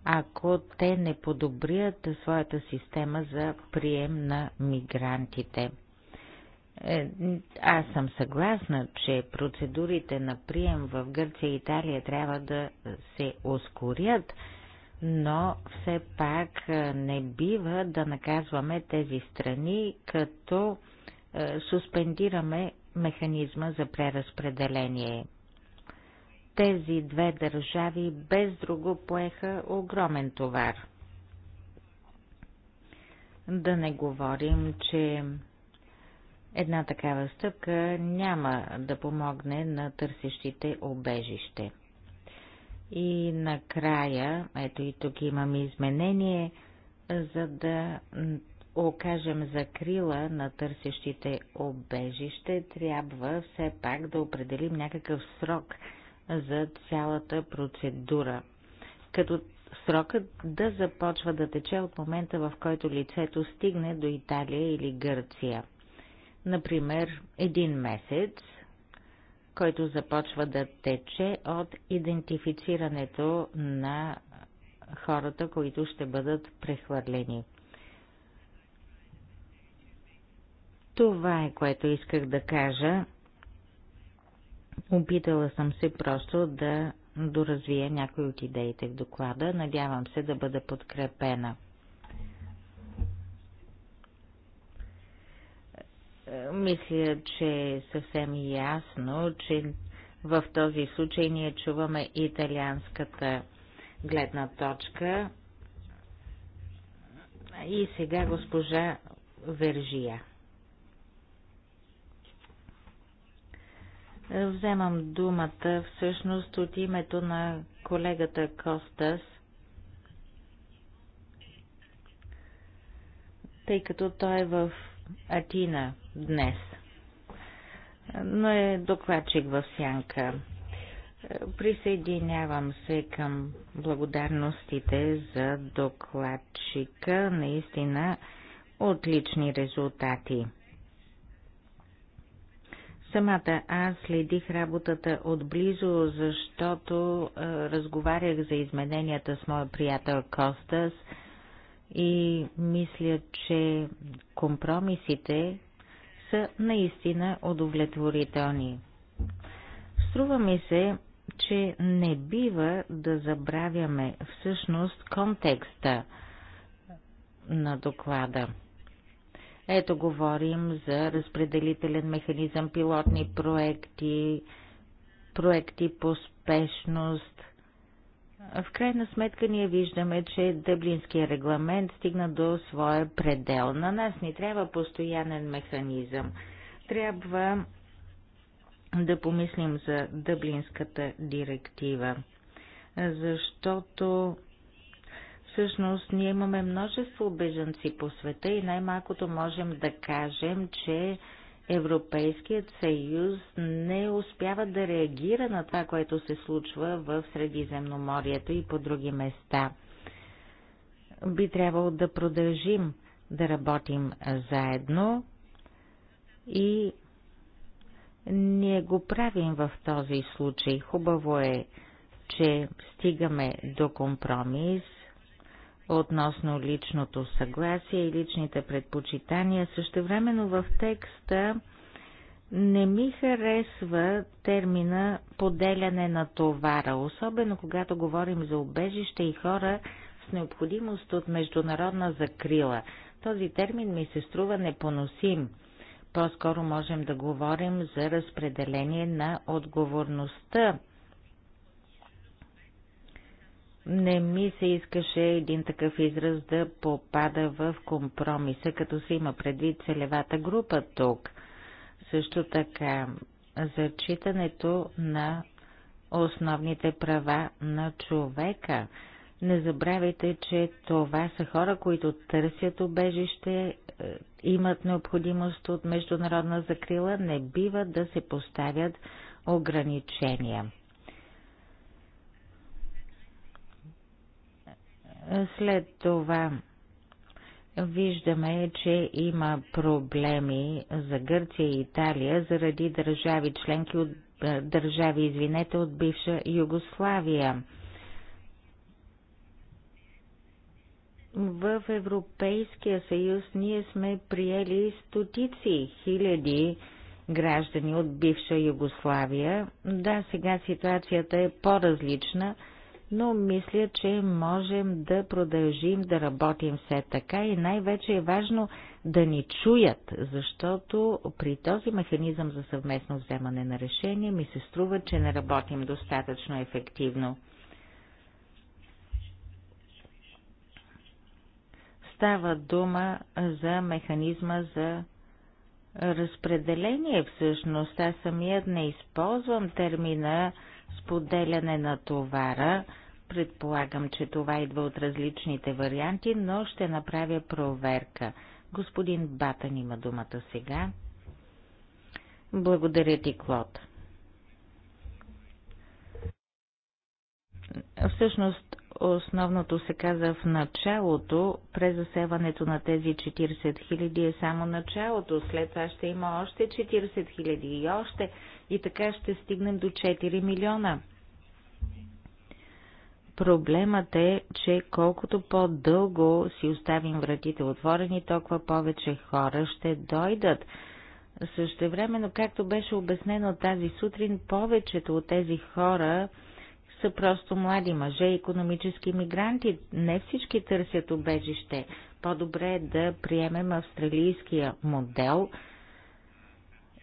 ако те не подобрят своята система за прием на мигрантите. Е, аз съм съгласна, че процедурите на прием в Гърция и Италия трябва да се ускорят, но все пак е, не бива да наказваме тези страни, като е, суспендираме механизма за преразпределение. Тези две държави без друго поеха огромен товар. Да не говорим, че една такава стъпка няма да помогне на търсещите обежище. И накрая, ето и тук имам изменение, за да окажем закрила на търсещите обежище, трябва все пак да определим някакъв срок за цялата процедура. Като срокът да започва да тече от момента, в който лицето стигне до Италия или Гърция. Например, един месец който започва да тече от идентифицирането на хората, които ще бъдат прехвърлени. Това е което исках да кажа. Опитала съм се просто да доразвия някои от идеите в доклада. Надявам се да бъда подкрепена. Мисля, че е съвсем ясно, че в този случай ние чуваме италианската гледна точка. И сега госпожа Вержия. Вземам думата всъщност от името на колегата Костас, тъй като той е в Атина днес, но е докладчик в сянка. Присъединявам се към благодарностите за докладчика. Наистина отлични резултати. Самата аз следих работата отблизо, защото е, разговарях за измененията с моя приятел Костас – и мисля, че компромисите са наистина удовлетворителни. Струва ми се, че не бива да забравяме всъщност контекста на доклада. Ето говорим за разпределителен механизъм, пилотни проекти, проекти по спешност, в крайна сметка ние виждаме, че Дъблинския регламент стигна до своя предел. На нас ни трябва постоянен механизъм. Трябва да помислим за Дъблинската директива, защото всъщност ние имаме множество бежанци по света и най-малкото можем да кажем, че Европейският съюз не успява да реагира на това, което се случва в Средиземноморието и по други места. Би трябвало да продължим да работим заедно и ние го правим в този случай. Хубаво е, че стигаме до компромис относно личното съгласие и личните предпочитания. Същевременно в текста не ми харесва термина поделяне на товара, особено когато говорим за убежище и хора с необходимост от международна закрила. Този термин ми се струва непоносим. По-скоро можем да говорим за разпределение на отговорността не ми се искаше един такъв израз да попада в компромиса, като се има предвид целевата група тук. Също така, зачитането на основните права на човека. Не забравяйте, че това са хора, които търсят убежище, е, имат необходимост от международна закрила, не бива да се поставят ограничения. След това виждаме, че има проблеми за Гърция и Италия заради държави членки от държави, извинете, от бивша Югославия. В Европейския съюз ние сме приели стотици хиляди граждани от бивша Югославия. Да, сега ситуацията е по-различна – но мисля, че можем да продължим да работим все така и най-вече е важно да ни чуят, защото при този механизъм за съвместно вземане на решение ми се струва, че не работим достатъчно ефективно. Става дума за механизма за разпределение всъщност. Аз самият не използвам термина споделяне на товара, Предполагам, че това идва от различните варианти, но ще направя проверка. Господин Батън има думата сега. Благодаря ти, Клод. Всъщност, основното се каза в началото, презасеването на тези 40 000 е само началото, след това ще има още 40 000 и още, и така ще стигнем до 4 милиона. Проблемът е, че колкото по-дълго си оставим вратите отворени, толкова повече хора ще дойдат. Същевременно, както беше обяснено тази сутрин, повечето от тези хора са просто млади мъже, економически мигранти. Не всички търсят убежище. По-добре е да приемем австралийския модел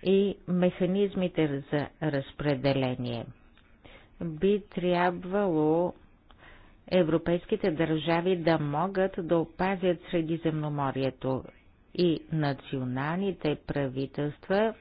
и механизмите за разпределение. Би трябвало европейските държави да могат да опазят Средиземноморието и националните правителства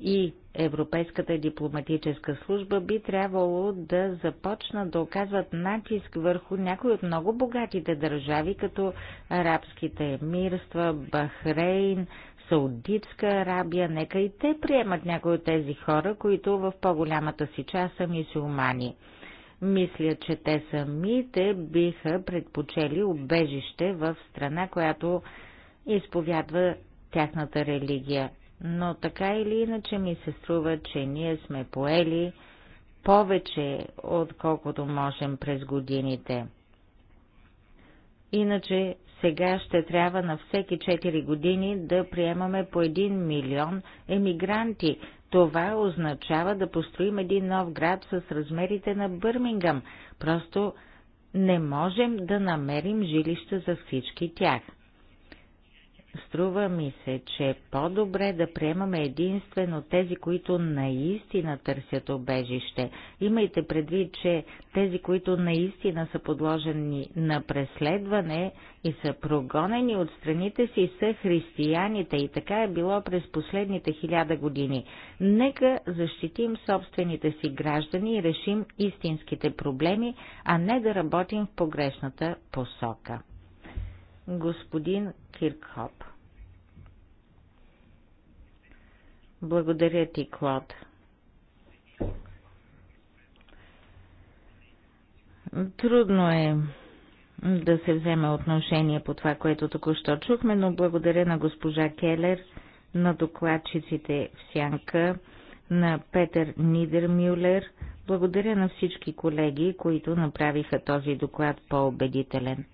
и Европейската дипломатическа служба би трябвало да започнат да оказват натиск върху някои от много богатите държави, като Арабските емирства, Бахрейн, Саудитска Арабия. Нека и те приемат някои от тези хора, които в по-голямата си част са мисюлмани. Мисля, че те самите биха предпочели убежище в страна, която изповядва тяхната религия. Но така или иначе ми се струва, че ние сме поели повече, отколкото можем през годините. Иначе сега ще трябва на всеки 4 години да приемаме по 1 милион емигранти, това означава да построим един нов град с размерите на Бърмингъм. Просто не можем да намерим жилища за всички тях. Струва ми се, че е по-добре да приемаме единствено тези, които наистина търсят обежище. Имайте предвид, че тези, които наистина са подложени на преследване и са прогонени от страните си, са християните и така е било през последните хиляда години. Нека защитим собствените си граждани и решим истинските проблеми, а не да работим в погрешната посока господин Киркхоп. Благодаря ти, Клод. Трудно е да се вземе отношение по това, което току-що чухме, но благодаря на госпожа Келер, на докладчиците в Сянка, на Петър Нидермюлер. Благодаря на всички колеги, които направиха този доклад по-убедителен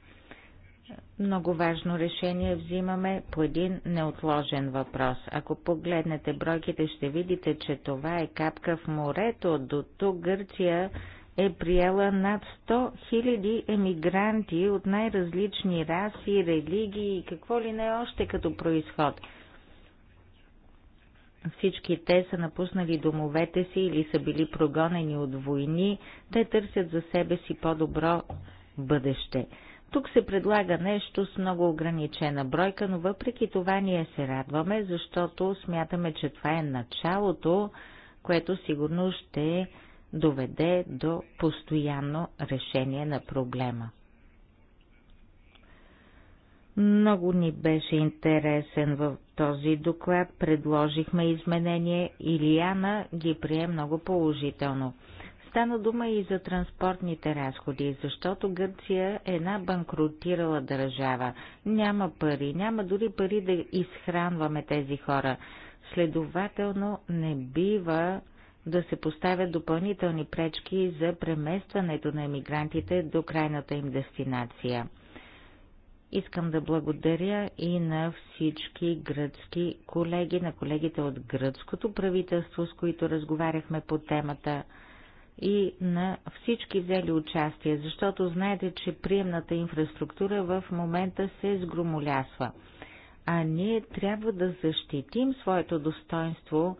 много важно решение взимаме по един неотложен въпрос. Ако погледнете бройките, ще видите, че това е капка в морето. До тук Гърция е приела над 100 000 емигранти от най-различни раси, религии и какво ли не още като происход. Всички те са напуснали домовете си или са били прогонени от войни, те търсят за себе си по-добро бъдеще. Тук се предлага нещо с много ограничена бройка, но въпреки това ние се радваме, защото смятаме, че това е началото, което сигурно ще доведе до постоянно решение на проблема. Много ни беше интересен в този доклад, предложихме изменение, Илияна ги прие много положително. Стана дума и за транспортните разходи, защото Гърция е една банкротирала държава. Няма пари, няма дори пари да изхранваме тези хора. Следователно не бива да се поставят допълнителни пречки за преместването на емигрантите до крайната им дестинация. Искам да благодаря и на всички гръцки колеги, на колегите от гръцкото правителство, с които разговаряхме по темата – и на всички взели участие, защото знаете, че приемната инфраструктура в момента се сгромолясва. А ние трябва да защитим своето достоинство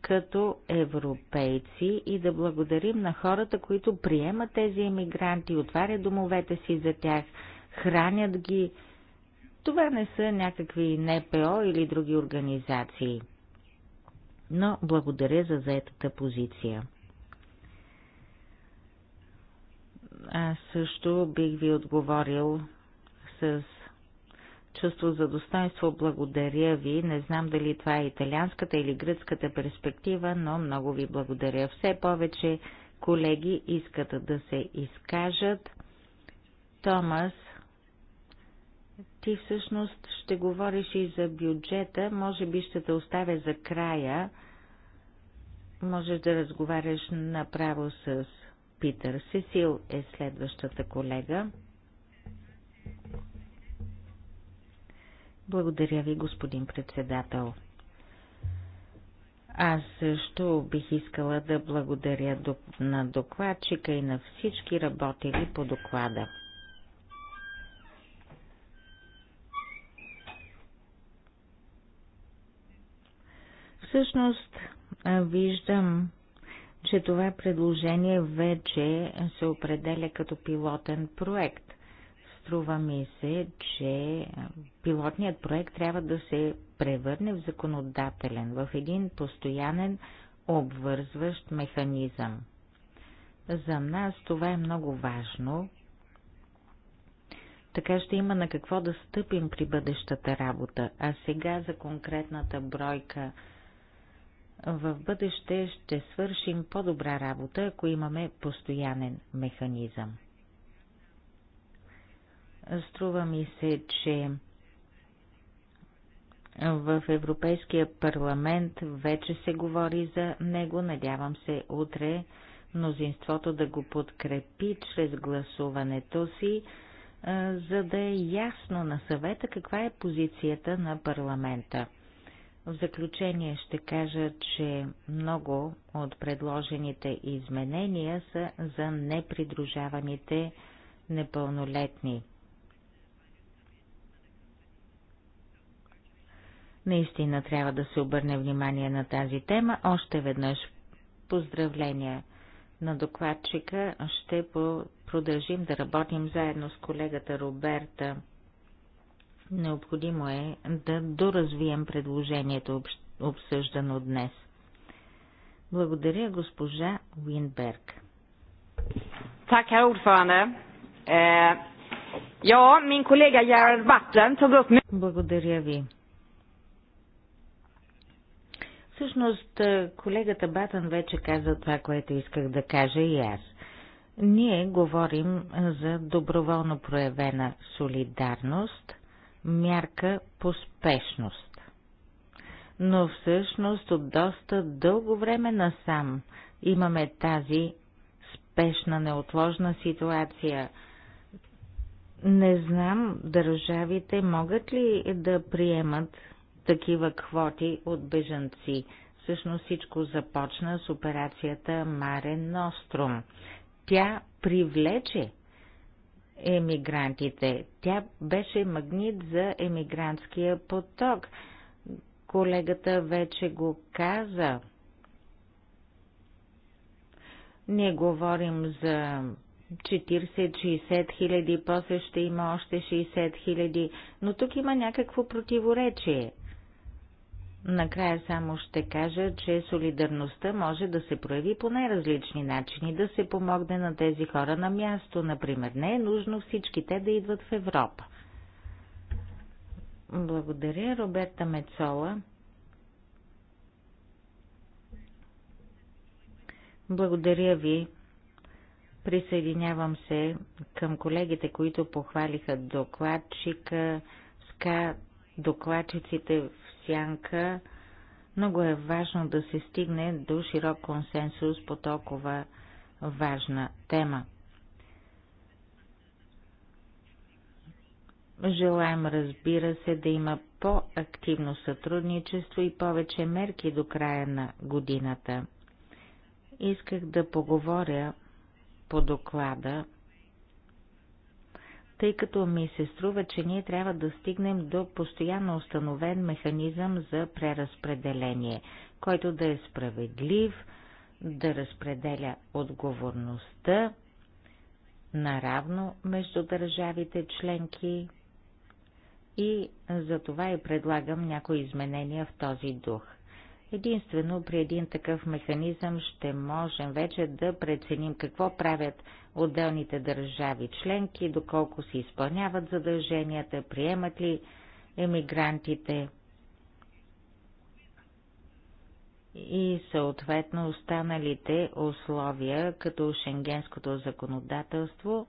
като европейци и да благодарим на хората, които приемат тези емигранти, отварят домовете си за тях, хранят ги. Това не са някакви НПО или други организации. Но благодаря за заетата позиция. аз също бих ви отговорил с чувство за достоинство. Благодаря ви. Не знам дали това е италианската или гръцката перспектива, но много ви благодаря. Все повече колеги искат да се изкажат. Томас, ти всъщност ще говориш и за бюджета, може би ще те оставя за края. Можеш да разговаряш направо с Питър. Сесил е следващата колега. Благодаря ви, господин председател. Аз също бих искала да благодаря на докладчика и на всички работили по доклада. Всъщност, виждам че това предложение вече се определя като пилотен проект. Струва ми се, че пилотният проект трябва да се превърне в законодателен, в един постоянен обвързващ механизъм. За нас това е много важно. Така ще има на какво да стъпим при бъдещата работа, а сега за конкретната бройка – в бъдеще ще свършим по-добра работа, ако имаме постоянен механизъм. Струва ми се, че в Европейския парламент вече се говори за него. Надявам се утре мнозинството да го подкрепи чрез гласуването си, за да е ясно на съвета каква е позицията на парламента. В заключение ще кажа, че много от предложените изменения са за непридружаваните непълнолетни. Наистина трябва да се обърне внимание на тази тема. Още веднъж поздравления на докладчика. Ще продължим да работим заедно с колегата Роберта Необходимо е да доразвием предложението, обсъждано днес. Благодаря, госпожа Уинберг. Так, herr ordförande. Eh, ja, min kollega Gerard Button tog upp... Благодаря ви. Всъщност, е, колегата Батън вече каза това, което исках да кажа и аз. Ние говорим за доброволно проявена солидарност мярка по спешност. Но всъщност от доста дълго време насам имаме тази спешна, неотложна ситуация. Не знам, държавите могат ли да приемат такива квоти от бежанци. Всъщност всичко започна с операцията Маре Ностром. Тя привлече емигрантите. Тя беше магнит за емигрантския поток. Колегата вече го каза. Не говорим за 40-60 хиляди, после ще има още 60 хиляди, но тук има някакво противоречие – Накрая само ще кажа, че солидарността може да се прояви по най-различни начини, да се помогне на тези хора на място. Например, не е нужно всички те да идват в Европа. Благодаря, Роберта Мецола. Благодаря ви. Присъединявам се към колегите, които похвалиха докладчика, ска докладчиците в сянка. Много е важно да се стигне до широк консенсус по толкова важна тема. Желаем, разбира се, да има по-активно сътрудничество и повече мерки до края на годината. Исках да поговоря по доклада тъй като ми се струва, че ние трябва да стигнем до постоянно установен механизъм за преразпределение, който да е справедлив, да разпределя отговорността наравно между държавите членки и за това и предлагам някои изменения в този дух – Единствено при един такъв механизъм ще можем вече да преценим какво правят отделните държави членки, доколко си изпълняват задълженията, приемат ли емигрантите и съответно останалите условия, като шенгенското законодателство,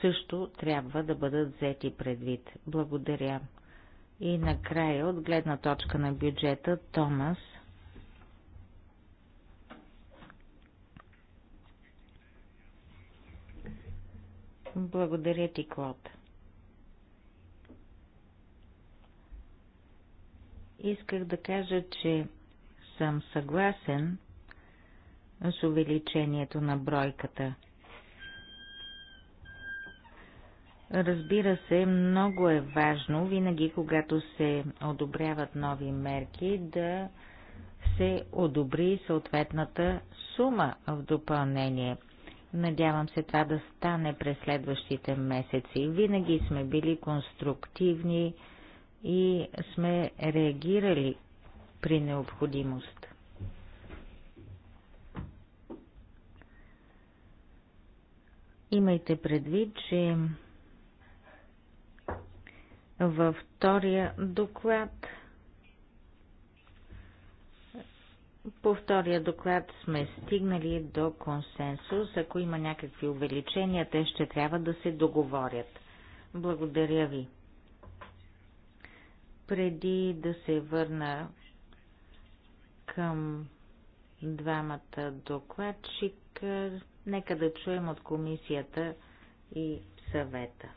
също трябва да бъдат взети предвид. Благодаря. И накрая, от гледна точка на бюджета, Томас – Благодаря ти, Клод. Исках да кажа, че съм съгласен с увеличението на бройката. Разбира се, много е важно, винаги когато се одобряват нови мерки, да се одобри съответната сума в допълнение – Надявам се това да стане през следващите месеци. Винаги сме били конструктивни и сме реагирали при необходимост. Имайте предвид, че във втория доклад По втория доклад сме стигнали до консенсус. Ако има някакви увеличения, те ще трябва да се договорят. Благодаря ви. Преди да се върна към двамата докладчика, нека да чуем от комисията и съвета.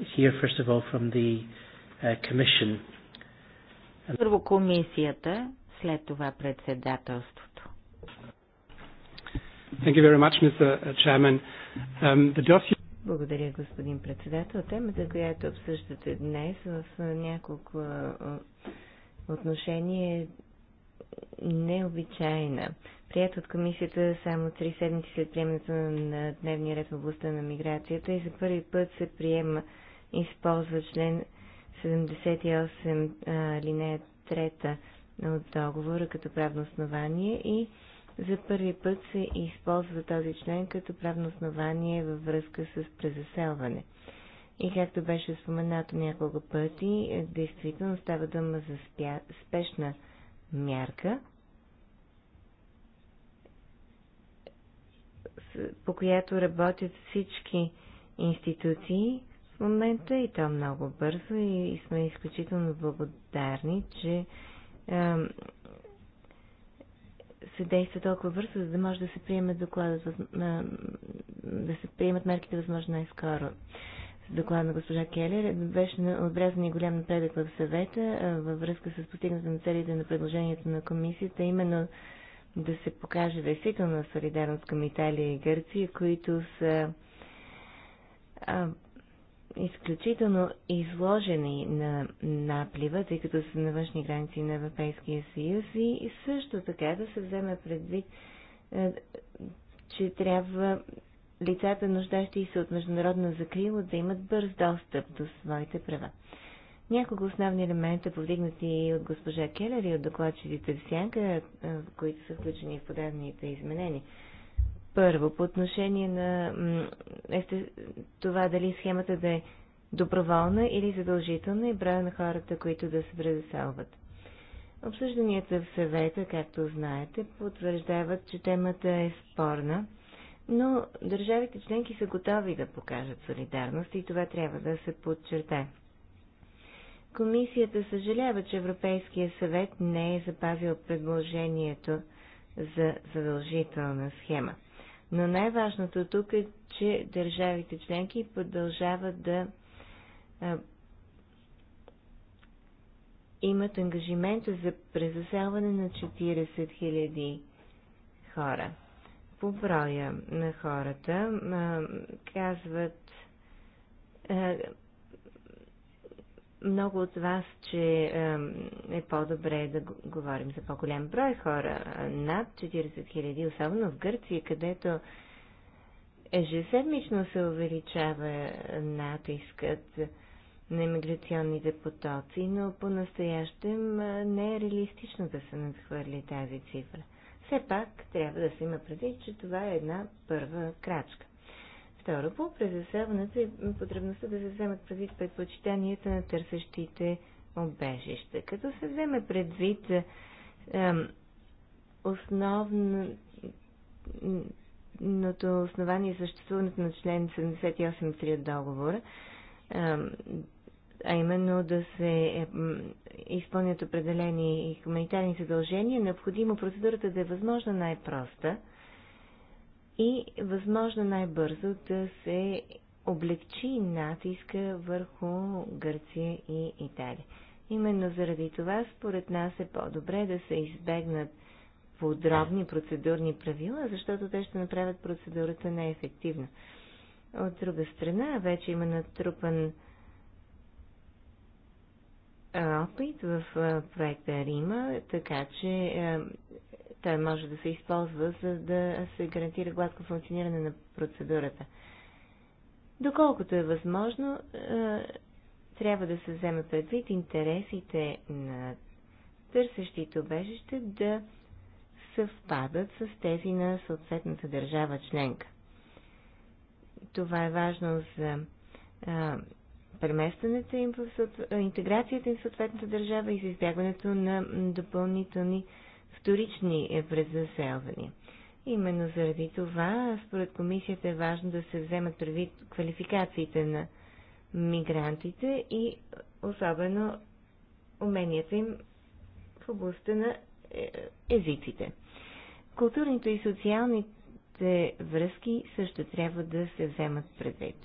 Here, first of all, from the, uh, Първо комисията след това председателството. Thank you very much, Mr. Uh, Chairman. Um, the dossier... Благодаря, господин председател. Темата, която обсъждате днес в няколко отношения е необичайна. Прият от комисията само три седмици след приемането на дневния ред в областта на миграцията и за първи път се приема използва член 78 линия 3 от договора като правно основание и за първи път се използва този член като правно основание във връзка с презаселване. И както беше споменато няколко пъти, действително става дума за спя... спешна мярка, по която работят всички институции в момента и то много бързо и сме изключително благодарни, че се действа толкова бързо, за да може да се приемат докладът, да се приемат мерките възможно най-скоро. С доклада на госпожа Келер беше отбрязан и голям напредък в съвета във връзка с постигната на целите на предложението на комисията, именно да се покаже действителна солидарност към Италия и Гърция, които са изключително изложени на наплива, тъй като са на външни граници на Европейския съюз и също така да се вземе предвид, е, че трябва лицата, нуждащи се от международна закрила, да имат бърз достъп до своите права. Няколко основни елемента, повдигнати от госпожа Келер и от докладчиците в Сянка, е, които са включени в подадените изменения – първо, по отношение на есте, това дали схемата да е доброволна или задължителна и броя на хората, които да се предоселват. Обсъжданията в съвета, както знаете, потвърждават, че темата е спорна, но държавите членки са готови да покажат солидарност и това трябва да се подчертае. Комисията съжалява, че Европейския съвет не е запазил предложението за задължителна схема. Но най-важното тук е, че държавите членки продължават да а, имат ангажимента за презаселване на 40 000 хора. По броя на хората а, казват а, много от вас, че е по-добре да говорим за по-голям брой хора, над 40 хиляди, особено в Гърция, където ежеседмично се увеличава натискът на иммиграционните потоци, но по-настоящем не е реалистично да се надхвърли тази цифра. Все пак трябва да се има предвид, че това е една първа крачка. Второ, по презасяването и потребността да се вземат предвид предпочитанията на търсещите обежища. Като се вземе предвид ем, основното основание и съществуването на член 78.3 от договора, ем, а именно да се изпълнят определени хуманитарни задължения, е необходимо процедурата да е възможно най-проста – и възможно най-бързо да се облегчи натиска върху Гърция и Италия. Именно заради това, според нас е по-добре да се избегнат подробни процедурни правила, защото те ще направят процедурата неефективна. От друга страна, вече има натрупан опит в проекта Рима, така че той може да се използва, за да се гарантира гладко функциониране на процедурата. Доколкото е възможно, е, трябва да се вземе предвид интересите на търсещите обежище да съвпадат с тези на съответната държава членка. Това е важно за е, преместването им в интеграцията им в съответната държава и за избягването на допълнителни вторични е, презаселвания. Именно заради това, според комисията е важно да се вземат предвид квалификациите на мигрантите и особено уменията им в областта на е, езиците. Културните и социалните връзки също трябва да се вземат предвид.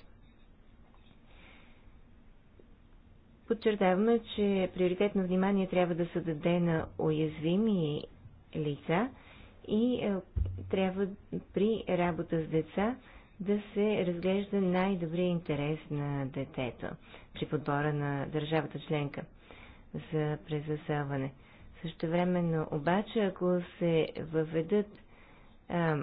Подчертаваме, че приоритетно внимание трябва да се даде на уязвими лица и е, трябва при работа с деца да се разглежда най-добрия интерес на детето при подбора на държавата членка за презаселване. Също времено, обаче, ако се въведат а, е,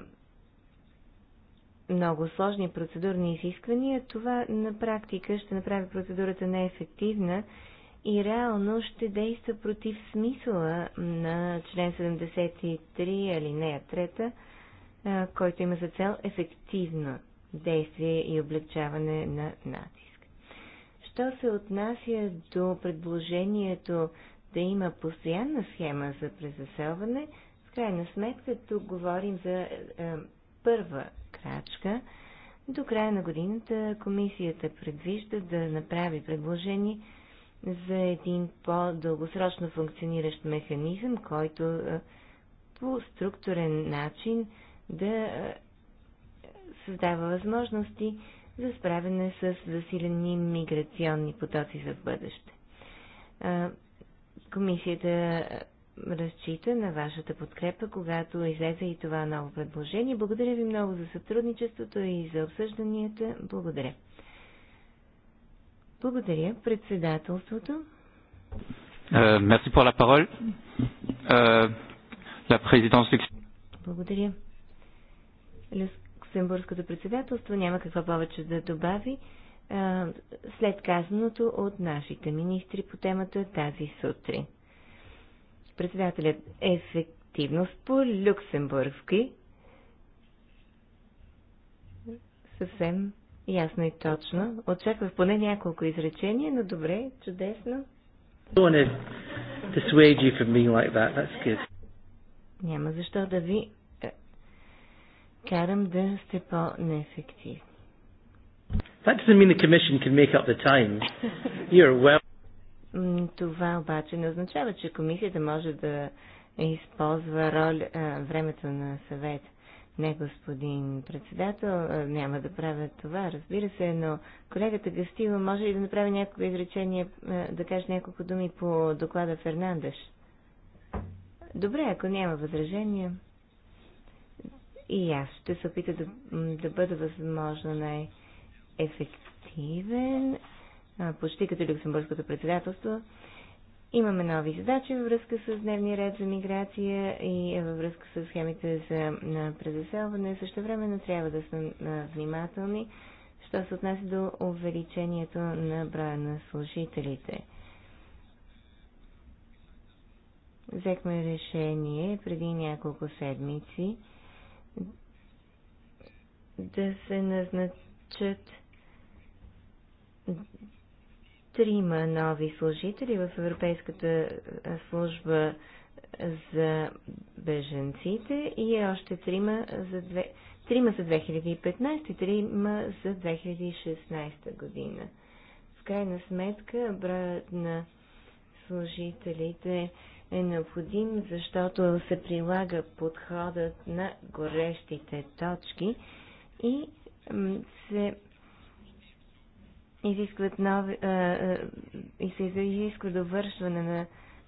много сложни процедурни изисквания, това на практика ще направи процедурата неефективна и реално ще действа против смисъла на член 73 алинея 3, който има за цел ефективно действие и облегчаване на натиск. Що се отнася до предложението да има постоянна схема за презаселване, в крайна сметка тук говорим за е, е първа крачка. До края на годината комисията предвижда да направи предложение за един по-дългосрочно функциониращ механизъм, който по структурен начин да създава възможности за справяне с засилени миграционни потоци за бъдеще. Комисията разчита на вашата подкрепа, когато излезе и това ново предложение. Благодаря ви много за сътрудничеството и за обсъжданията. Благодаря. Благодаря. Председателството. Е, мерси по la е, Благодаря. Люксембургското председателство няма какво повече да добави е, след казаното от нашите министри по темата тази сутрин. Председателят ефективност по люксембургски съвсем ясно и точно. Очаквах поне няколко изречения, но добре, чудесно. Няма защо да ви е, карам да сте по-неефективни. Това обаче не означава, че комисията може да използва роля, е, времето на съвета. Не, господин председател, няма да правя това, разбира се, но колегата Гастива може ли да направи някакво изречение, да каже няколко думи по доклада Фернандеш? Добре, ако няма възражения. И аз ще се опита да, да бъда възможно най-ефективен, почти като Люксембургското председателство. Имаме нови задачи във връзка с дневния ред за миграция и във връзка с схемите за презаселване. Също времено трябва да сме внимателни, що се отнася до увеличението на броя на служителите. Взехме решение преди няколко седмици да се назначат трима нови служители в Европейската служба за беженците и е още трима за, две, трима за 2015 и трима за 2016 година. В крайна сметка, броят на служителите е необходим, защото се прилага подходът на горещите точки и се изискват нови, а, а, и се изисква довършване на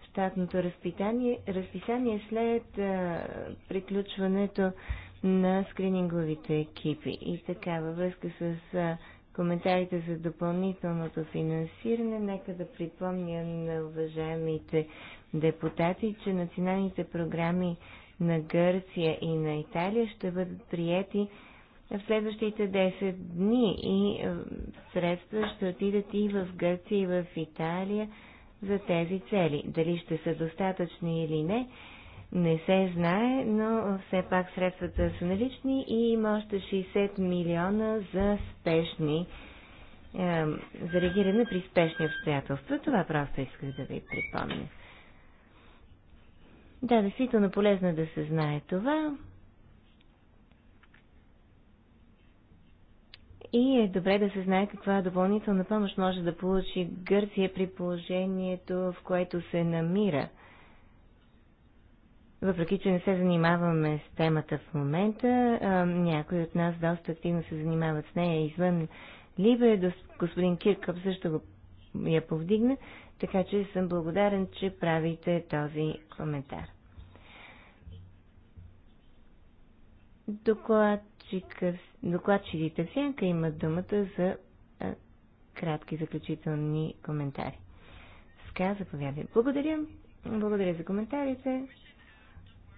щатното разпитание, разписание след а, приключването на скрининговите екипи. И така, във връзка с а, коментарите за допълнителното финансиране, нека да припомня на уважаемите депутати, че националните програми на Гърция и на Италия ще бъдат приети в следващите 10 дни и е, средства ще отидат и в Гърция, и в Италия за тези цели. Дали ще са достатъчни или не, не се знае, но все пак средствата са налични и има още 60 милиона за спешни, е, за реагиране при спешни обстоятелства. Това просто исках да ви припомня. Да, действително полезно е да се знае това. и е добре да се знае каква допълнителна помощ може да получи Гърция при положението, в което се намира. Въпреки, че не се занимаваме с темата в момента, някои от нас доста активно се занимават с нея извън Либе. Господин Киркъп също го я повдигна, така че съм благодарен, че правите този коментар. Доклад докладчиците в сянка имат думата за а, кратки заключителни коментари. Ска, заповядай. Благодаря. Благодаря за коментарите.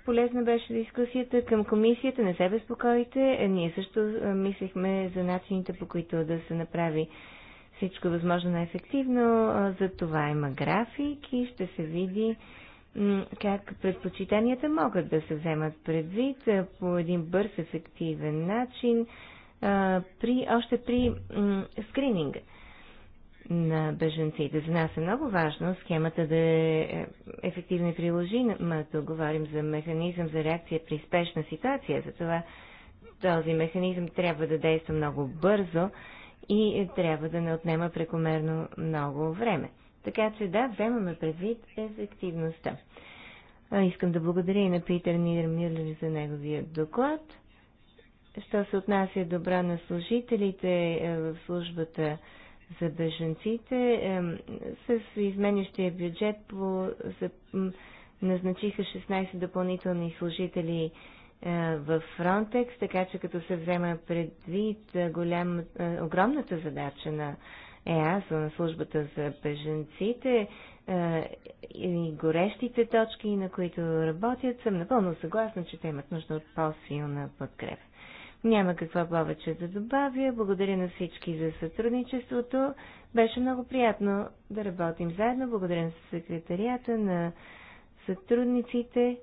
Полезна беше дискусията към комисията. Не се безпокойте. Ние също мислихме за начините по които да се направи всичко възможно най-ефективно. За това има график и ще се види как предпочитанията могат да се вземат предвид по един бърз, ефективен начин, при, още при скрининга на беженците. За нас е много важно схемата да е, е ефективна и приложима. говорим за механизъм за реакция при спешна ситуация. Затова този механизъм трябва да действа много бързо и трябва да не отнема прекомерно много време. Така че да, вземаме предвид ефективността. Искам да благодаря и на Питер Нидермюрлер за неговия доклад. Що се отнася добра на служителите е, в службата за беженците, е, с изменящия бюджет по, за, назначиха 16 допълнителни служители е, в Фронтекс, така че като се взема предвид голям, огромната задача на съм на службата за беженците е, и горещите точки, на които работят, съм напълно съгласна, че те имат нужда от по-силна подкрепа. Няма какво повече да добавя. Благодаря на всички за сътрудничеството. Беше много приятно да работим заедно. Благодаря на секретарията, на сътрудниците.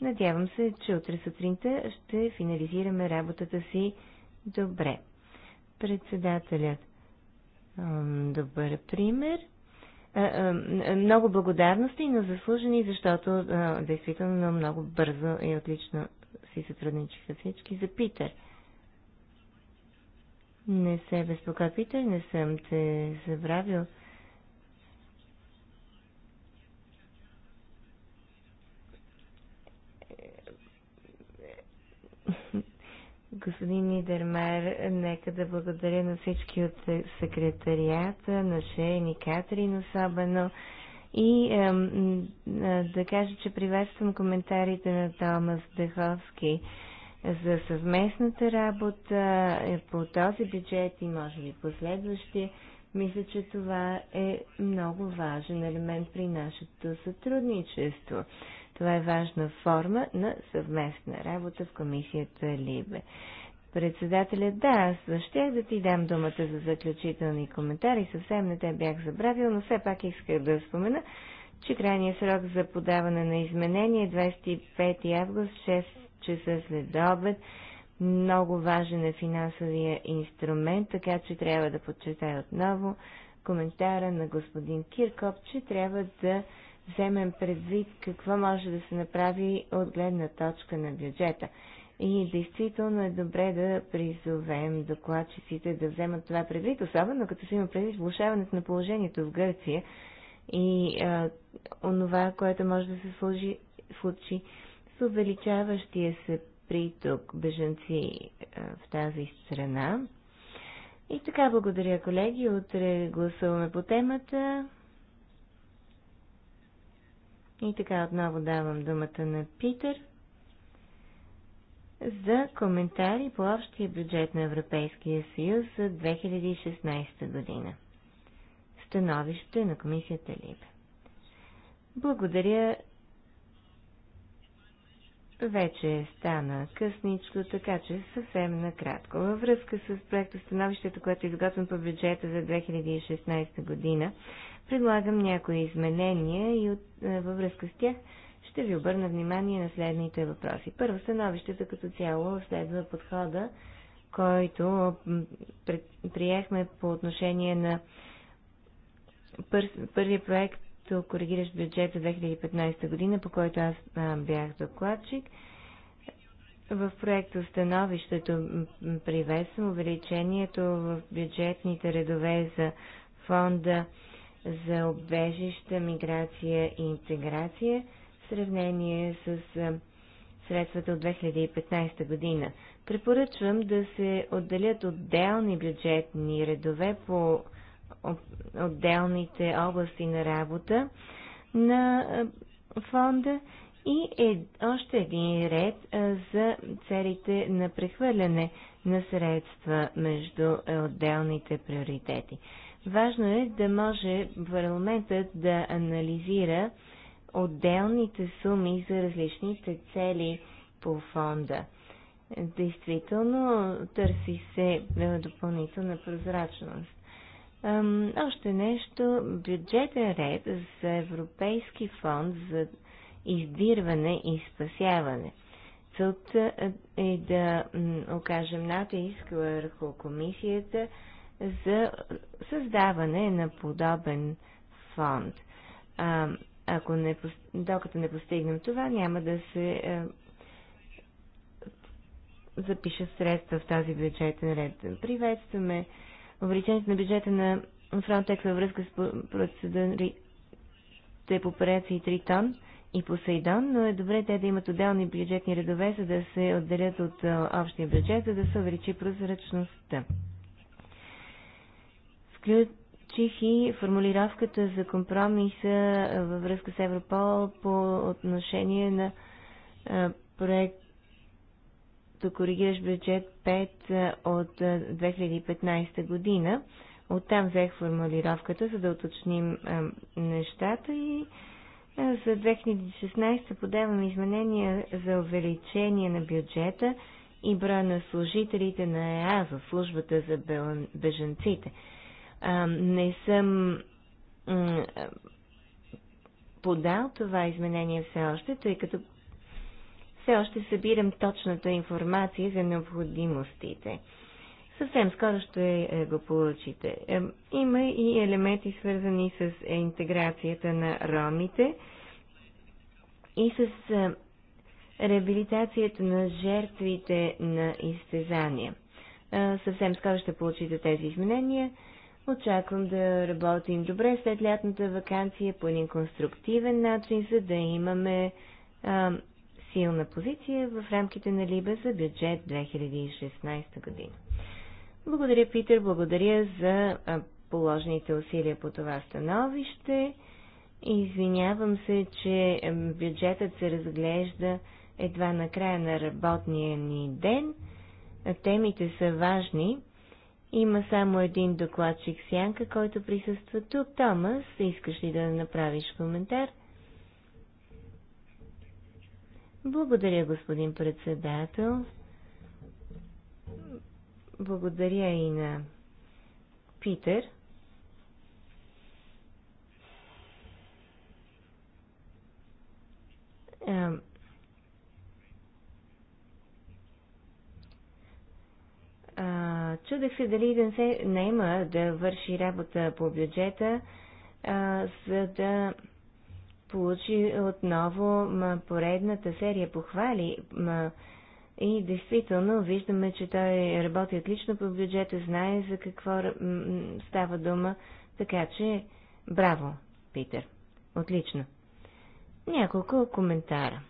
Надявам се, че утре сутринта ще финализираме работата си добре. Председателят добър пример. Много благодарности, но заслужени, защото действително много бързо и отлично си сътрудничиха всички за Питер. Не се безпокоя, Питер, не съм те забравил. Господин Нидермер, нека да благодаря на всички от секретарията, на Шейни Катрин особено. И е, да кажа, че приветствам коментарите на Томас Деховски за съвместната работа е, по този бюджет и може би последващия. Мисля, че това е много важен елемент при нашето сътрудничество. Това е важна форма на съвместна работа в комисията Либе. Председателят, да, аз щях да ти дам думата за заключителни коментари, съвсем не те бях забравил, но все пак исках да спомена, че крайният срок за подаване на изменение 25 август, 6 часа след обед. Много важен е финансовия инструмент, така че трябва да подчертая отново коментара на господин Киркоп, че трябва да вземем предвид какво може да се направи от гледна точка на бюджета. И действително е добре да призовем докладчиците да вземат това предвид, особено като се има предвид влушаването на положението в Гърция и а, онова, което може да се служи, случи с увеличаващия се приток бежанци а, в тази страна. И така, благодаря, колеги. Утре гласуваме по темата. И така отново давам думата на Питер за коментари по общия бюджет на Европейския съюз за 2016 година. Становище на комисията Либе. Благодаря. Вече стана късничко, така че съвсем накратко. Във връзка с проекта становището, което е изготвен по бюджета за 2016 година, предлагам някои изменения и от, е, във връзка с тях ще ви обърна внимание на следните въпроси. Първо, становището като цяло следва подхода, който приехме по отношение на пър, първия проект коригиращ бюджет за 2015 година, по който аз а, бях докладчик. В проекта становището привесвам увеличението в бюджетните редове за фонда за обежища, миграция и интеграция в сравнение с средствата от 2015 година. Препоръчвам да се отделят отделни бюджетни редове по отделните области на работа на фонда и е, още един ред за целите на прехвърляне на средства между отделните приоритети. Важно е да може парламентът да анализира отделните суми за различните цели по фонда. Действително търси се е, допълнителна прозрачност. Още нещо, бюджетен ред за Европейски фонд за издирване и спасяване. Целта е да окажем натиск върху комисията, за създаване на подобен фонд. А, ако не, докато не постигнем това, няма да се а, запишат средства в този бюджетен ред. Приветстваме увеличението на бюджета на Frontex във връзка с процедурите по операции Тритон и Посейдон, но е добре те да имат отделни бюджетни редове, за да се отделят от общия бюджет, за да се увеличи прозрачността включих и формулировката за компромиса във връзка с Европол по отношение на проект до коригираш бюджет 5 от 2015 година. Оттам взех формулировката, за да уточним нещата и за 2016 подавам изменения за увеличение на бюджета и броя на служителите на ЕАЗО, службата за бежанците не съм подал това изменение все още, тъй като все още събирам точната информация за необходимостите. Съвсем скоро ще е, го получите. Е, има и елементи свързани с е, интеграцията на ромите и с реабилитацията на жертвите на изтезания. Съвсем скоро ще получите тези изменения. Очаквам да работим добре след лятната вакансия по един конструктивен начин, за да имаме а, силна позиция в рамките на Либе за бюджет 2016 година. Благодаря, Питер, благодаря за а, положените усилия по това становище. Извинявам се, че бюджетът се разглежда едва на края на работния ни ден. Темите са важни. Има само един докладчик Сянка, който присъства тук. Томас, искаш ли да направиш коментар? Благодаря, господин председател. Благодаря и на Питер. Um А, чудех се дали да се наема да върши работа по бюджета, а, за да получи отново ма, поредната серия похвали. Ма, и действително виждаме, че той работи отлично по бюджета, знае за какво става дума, така че браво, Питер. Отлично. Няколко коментара.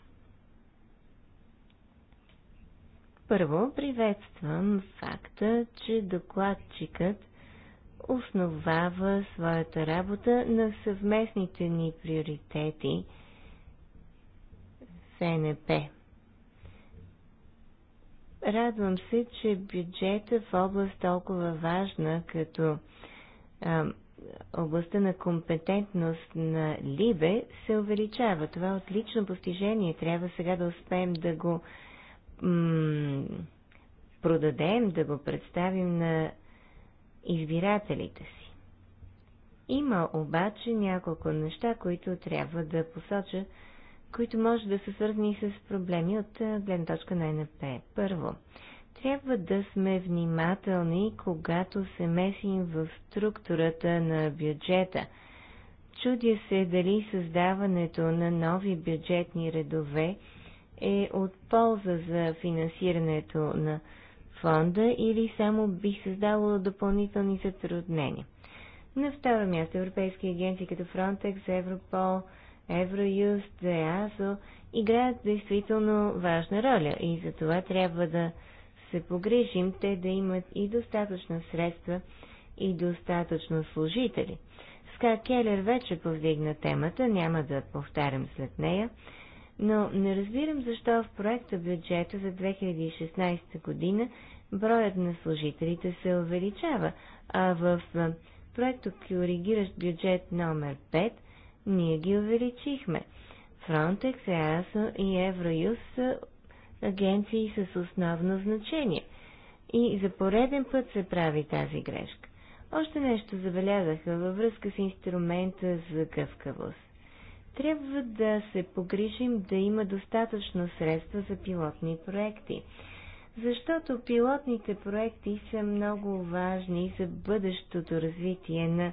Първо, приветствам факта, че докладчикът основава своята работа на съвместните ни приоритети в НП. Радвам се, че бюджета в област толкова важна, като а, областта на компетентност на Либе се увеличава. Това е отлично постижение трябва сега да успеем да го продадем, да го представим на избирателите си. Има обаче няколко неща, които трябва да посоча, които може да са свързани с проблеми от гледна точка на НП. Първо, трябва да сме внимателни, когато се месим в структурата на бюджета. Чудя се дали създаването на нови бюджетни редове – е от полза за финансирането на фонда или само би създало допълнителни затруднения. На второ място европейски агенции като Frontex, Европол, Евроюст, ЕАЗО играят действително важна роля и за това трябва да се погрижим те да имат и достатъчно средства и достатъчно служители. Ска Келер вече повдигна темата, няма да повтарям след нея но не разбирам защо в проекта бюджета за 2016 година броят на служителите се увеличава, а в проекта коригиращ бюджет номер 5 ние ги увеличихме. Frontex, EASO и Евроюз са агенции с основно значение. И за пореден път се прави тази грешка. Още нещо забелязаха във връзка с инструмента за гъвкавост. Трябва да се погрижим да има достатъчно средства за пилотни проекти, защото пилотните проекти са много важни за бъдещото развитие на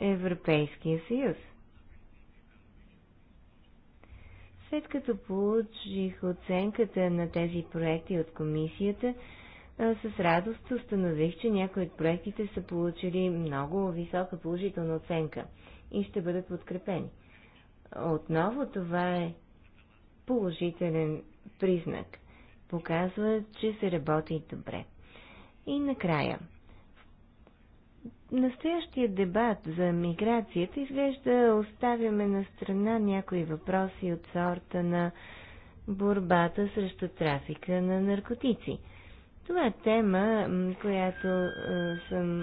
Европейския съюз. След като получих оценката на тези проекти от комисията, с радост установих, че някои от проектите са получили много висока положителна оценка и ще бъдат подкрепени. Отново това е положителен признак. Показва, че се работи добре. И накрая. Настоящия дебат за миграцията изглежда оставяме на страна някои въпроси от сорта на борбата срещу трафика на наркотици. Това е тема, която е, съм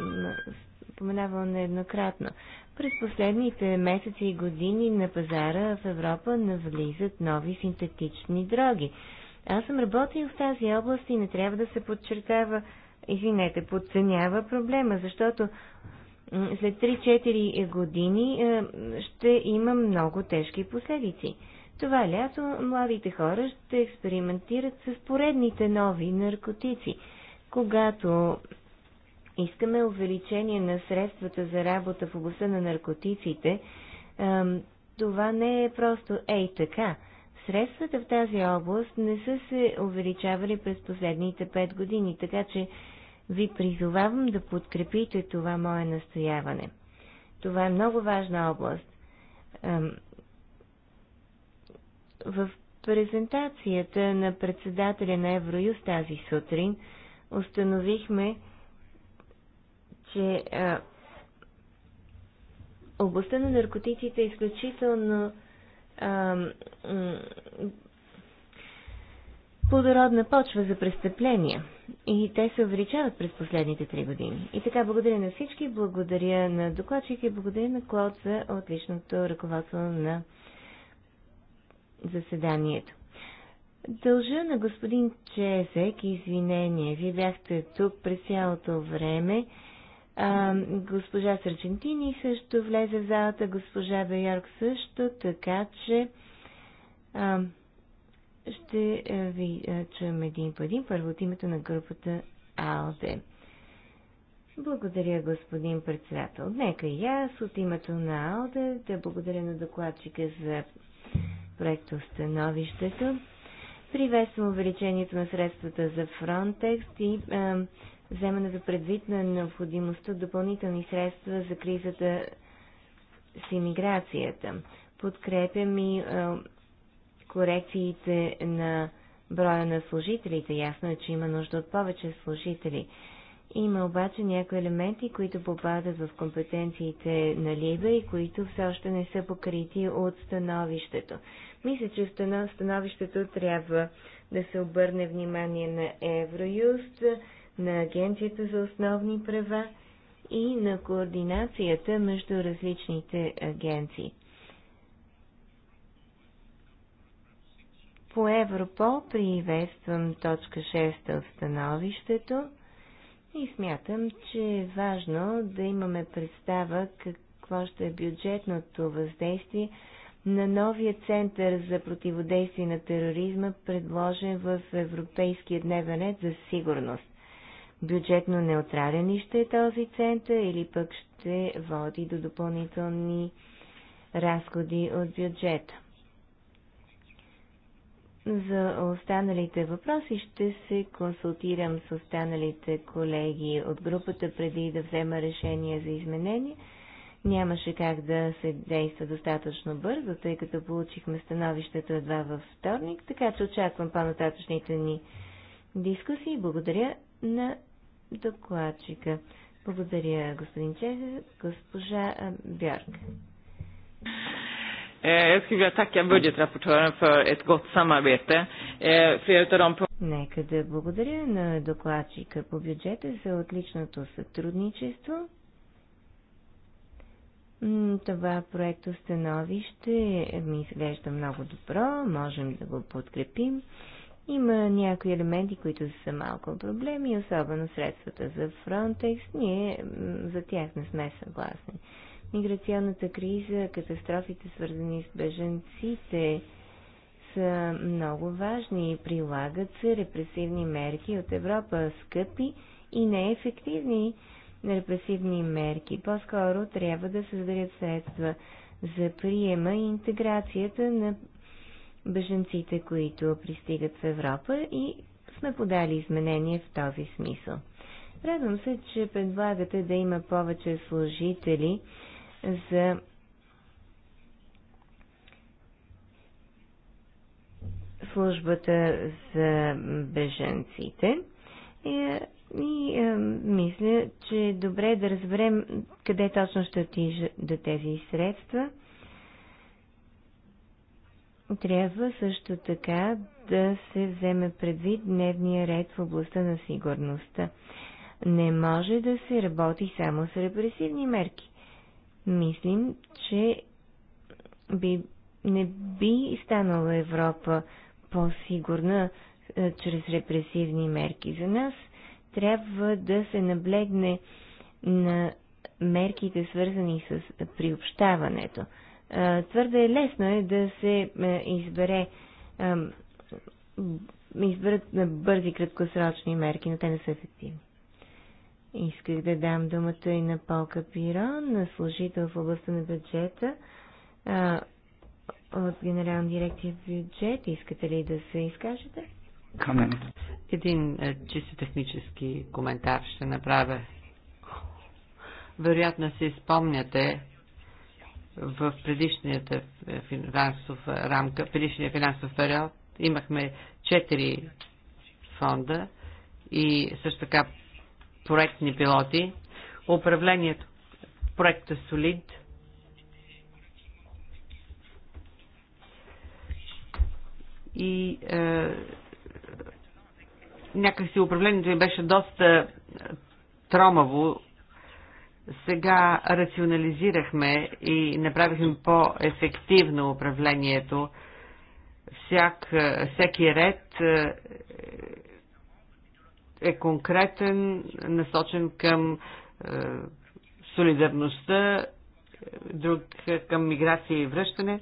споменавал нееднократно. През последните месеци и години на пазара в Европа навлизат нови синтетични дроги. Аз съм работил в тази област и не трябва да се подчертава, извинете, подценява проблема, защото след 3-4 години е, ще има много тежки последици. Това лято младите хора ще експериментират с поредните нови наркотици. Когато Искаме увеличение на средствата за работа в областта на наркотиците. Това не е просто ей така. Средствата в тази област не са се увеличавали през последните 5 години, така че ви призовавам да подкрепите това мое настояване. Това е много важна област. В презентацията на председателя на Евроюз тази сутрин установихме, че а, е, областта на наркотиците е изключително а, е, плодородна почва за престъпления. И те се увеличават през последните три години. И така, благодаря на всички, благодаря на докладчика и благодаря на Клод за отличното ръководство на заседанието. Дължа на господин Чезек извинение. Вие бяхте тук през цялото време. А, госпожа Сърчентини също влезе в залата, госпожа Бейорг също, така че а, ще ви чуем един по един, първо от името на групата АЛД. Благодаря, господин председател. Нека и аз от името на АОД да благодаря на докладчика за становището. Приветствам увеличението на средствата за Frontex и а, Вземане за предвид на необходимостта от допълнителни средства за кризата с иммиграцията. Подкрепям и е, корекциите на броя на служителите. Ясно е, че има нужда от повече служители. Има обаче някои елементи, които попадат в компетенциите на ЛИБА и които все още не са покрити от становището. Мисля, че в становището трябва да се обърне внимание на Евроюст, на Агенцията за основни права и на координацията между различните агенции. По Европол приветствам точка 6 от становището и смятам, че е важно да имаме представа какво ще е бюджетното въздействие на новия център за противодействие на тероризма, предложен в Европейския дневен ред за сигурност бюджетно неутрален ли ще е този център или пък ще води до допълнителни разходи от бюджета. За останалите въпроси ще се консултирам с останалите колеги от групата преди да взема решение за изменение. Нямаше как да се действа достатъчно бързо, тъй като получихме становището едва във вторник, така че очаквам по-нататъчните ни дискусии. Благодаря на докладчика. Благодаря, господин Чехов. Госпожа Бярк. Jag skulle vilja tacka budgetrapportören för ett gott samarbete. Нека да благодаря на докладчика по бюджета за отличното сътрудничество. Това проекто становище ми изглежда много добро, можем да го подкрепим. Има някои елементи, които са малко проблеми, особено средствата за Frontex. Ние за тях не сме съгласни. Миграционната криза, катастрофите свързани с беженците са много важни и прилагат се репресивни мерки от Европа, скъпи и неефективни репресивни мерки. По-скоро трябва да създадат средства за приема и интеграцията на беженците, които пристигат в Европа и сме подали изменение в този смисъл. Радвам се, че предлагате да има повече служители за службата за беженците. И, и а, е, мисля, че е добре да разберем къде точно ще отижат до тези средства – трябва също така да се вземе предвид дневния ред в областта на сигурността. Не може да се работи само с репресивни мерки. Мислим, че би, не би станала Европа по-сигурна е, чрез репресивни мерки. За нас трябва да се наблегне на мерките, свързани с приобщаването – твърде лесно е да се избере изберат на бързи краткосрочни мерки, но те не са ефективни. Исках да дам думата и на Пол Капиро, на служител в областта на бюджета а, от Генерална дирекция бюджет. Искате ли да се изкажете? Комент. Един е, чисто технически коментар ще направя. Вероятно се спомняте, в предишната е, финансов рамка, предишния финансов период имахме 4 фонда и също така проектни пилоти. Управлението проекта Солид и е, някакси управлението ми беше доста тромаво сега рационализирахме и направихме по-ефективно управлението. Всяк, всеки ред е, е конкретен, насочен към е, солидарността, друг към миграция и връщане.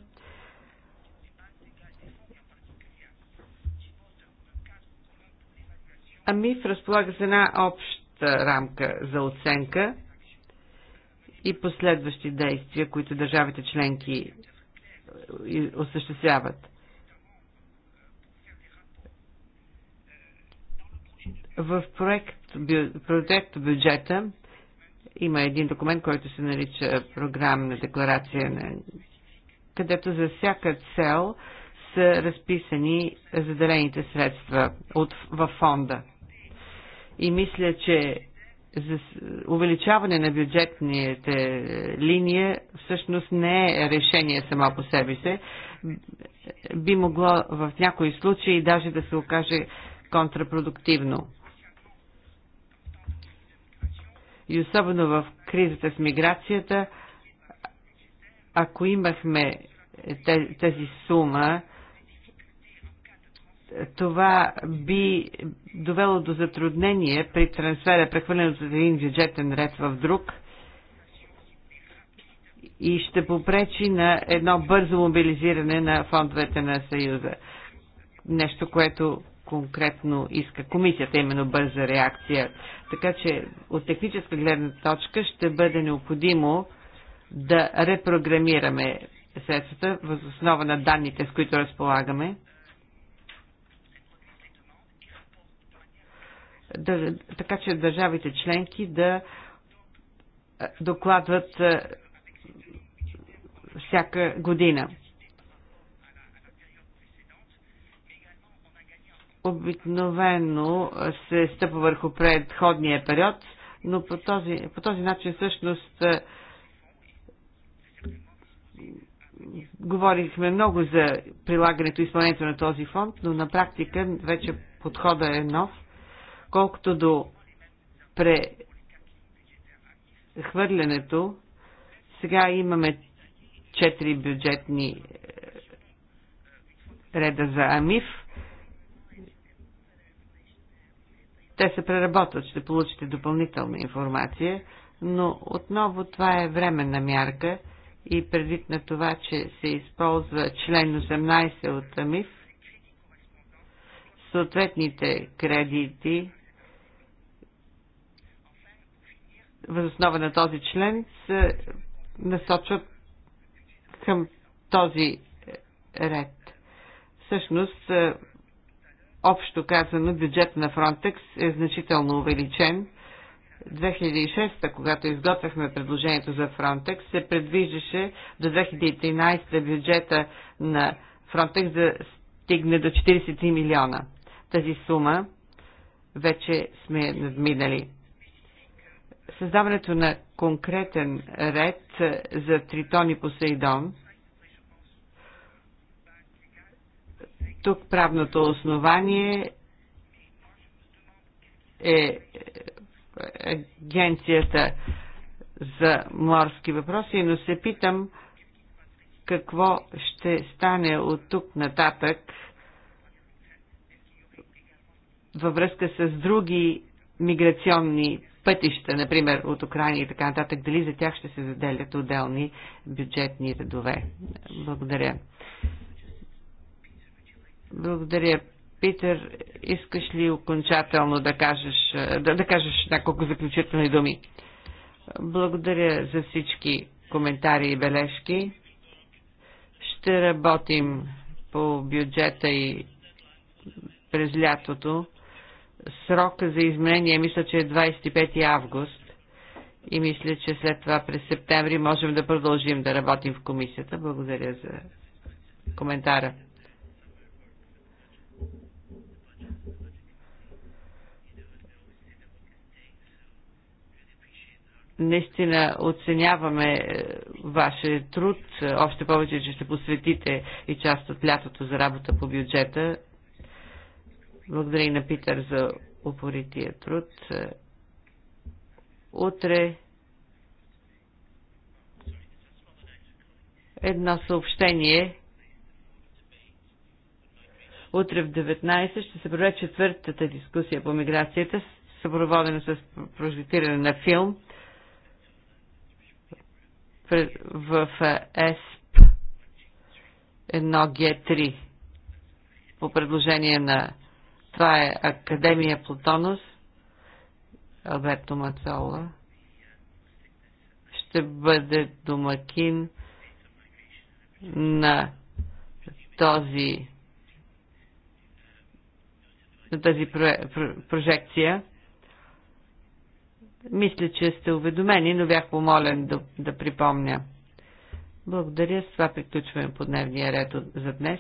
Ами, в разполага с една обща рамка за оценка – и последващи действия, които държавите членки е, осъществяват. В проект, проект бюджета има един документ, който се нарича програмна декларация, на, където за всяка цел са разписани заделените средства от, във фонда. И мисля, че за увеличаване на бюджетните е, линия всъщност не е решение само по себе се. Би могло в някои случаи даже да се окаже контрапродуктивно. И особено в кризата с миграцията, ако имахме тази сума, това би довело до затруднение при трансфера, прехвърлянето от един бюджетен ред в друг и ще попречи на едно бързо мобилизиране на фондовете на Съюза. Нещо, което конкретно иска комисията, именно бърза реакция. Така че от техническа гледна точка ще бъде необходимо да репрограмираме средствата в основа на данните, с които разполагаме да, така че държавите членки да е, докладват е, всяка година. Обикновено се стъпва върху предходния период, но по този, по този начин всъщност е, говорихме много за прилагането и изпълнението на този фонд, но на практика вече подхода е нов Колкото до прехвърлянето, сега имаме четири бюджетни е, реда за АМИФ. Те се преработват, ще получите допълнителна информация, но отново това е временна мярка и предвид на това, че се използва член 18 от АМИФ, съответните кредити възоснова на този член се насочват към този ред. Всъщност, е, общо казано, бюджет на Фронтекс е значително увеличен. 2006, когато изготвяхме предложението за Фронтекс, се предвиждаше до 2013 бюджета на Фронтекс да стигне до 43 милиона. Тази сума вече сме надминали създаването на конкретен ред за Тритони Посейдон, тук правното основание е Агенцията за морски въпроси, но се питам какво ще стане от тук нататък във връзка с други миграционни пътища, например от Украина и така нататък, дали за тях ще се заделят отделни бюджетни редове. Благодаря. Благодаря, Питер. Искаш ли окончателно да кажеш, да, да кажеш няколко заключителни думи? Благодаря за всички коментари и бележки. Ще работим по бюджета и през лятото Срока за изменение мисля, че е 25 август и мисля, че след това през септември можем да продължим да работим в комисията. Благодаря за коментара. наистина оценяваме е, вашия труд, още повече, че ще посветите и част от лятото за работа по бюджета. Благодаря и на Питър за упорития труд. Утре едно съобщение. Утре в 19 ще се проведе четвъртата дискусия по миграцията, съпроводена с прожитиране на филм в ЕСП 1Г3 по предложение на това е Академия Платонов, Алберто Мацола. Ще бъде домакин на този на тази прожекция. Мисля, че сте уведомени, но бях помолен да, да припомня. Благодаря. С това приключваме по дневния ред за днес.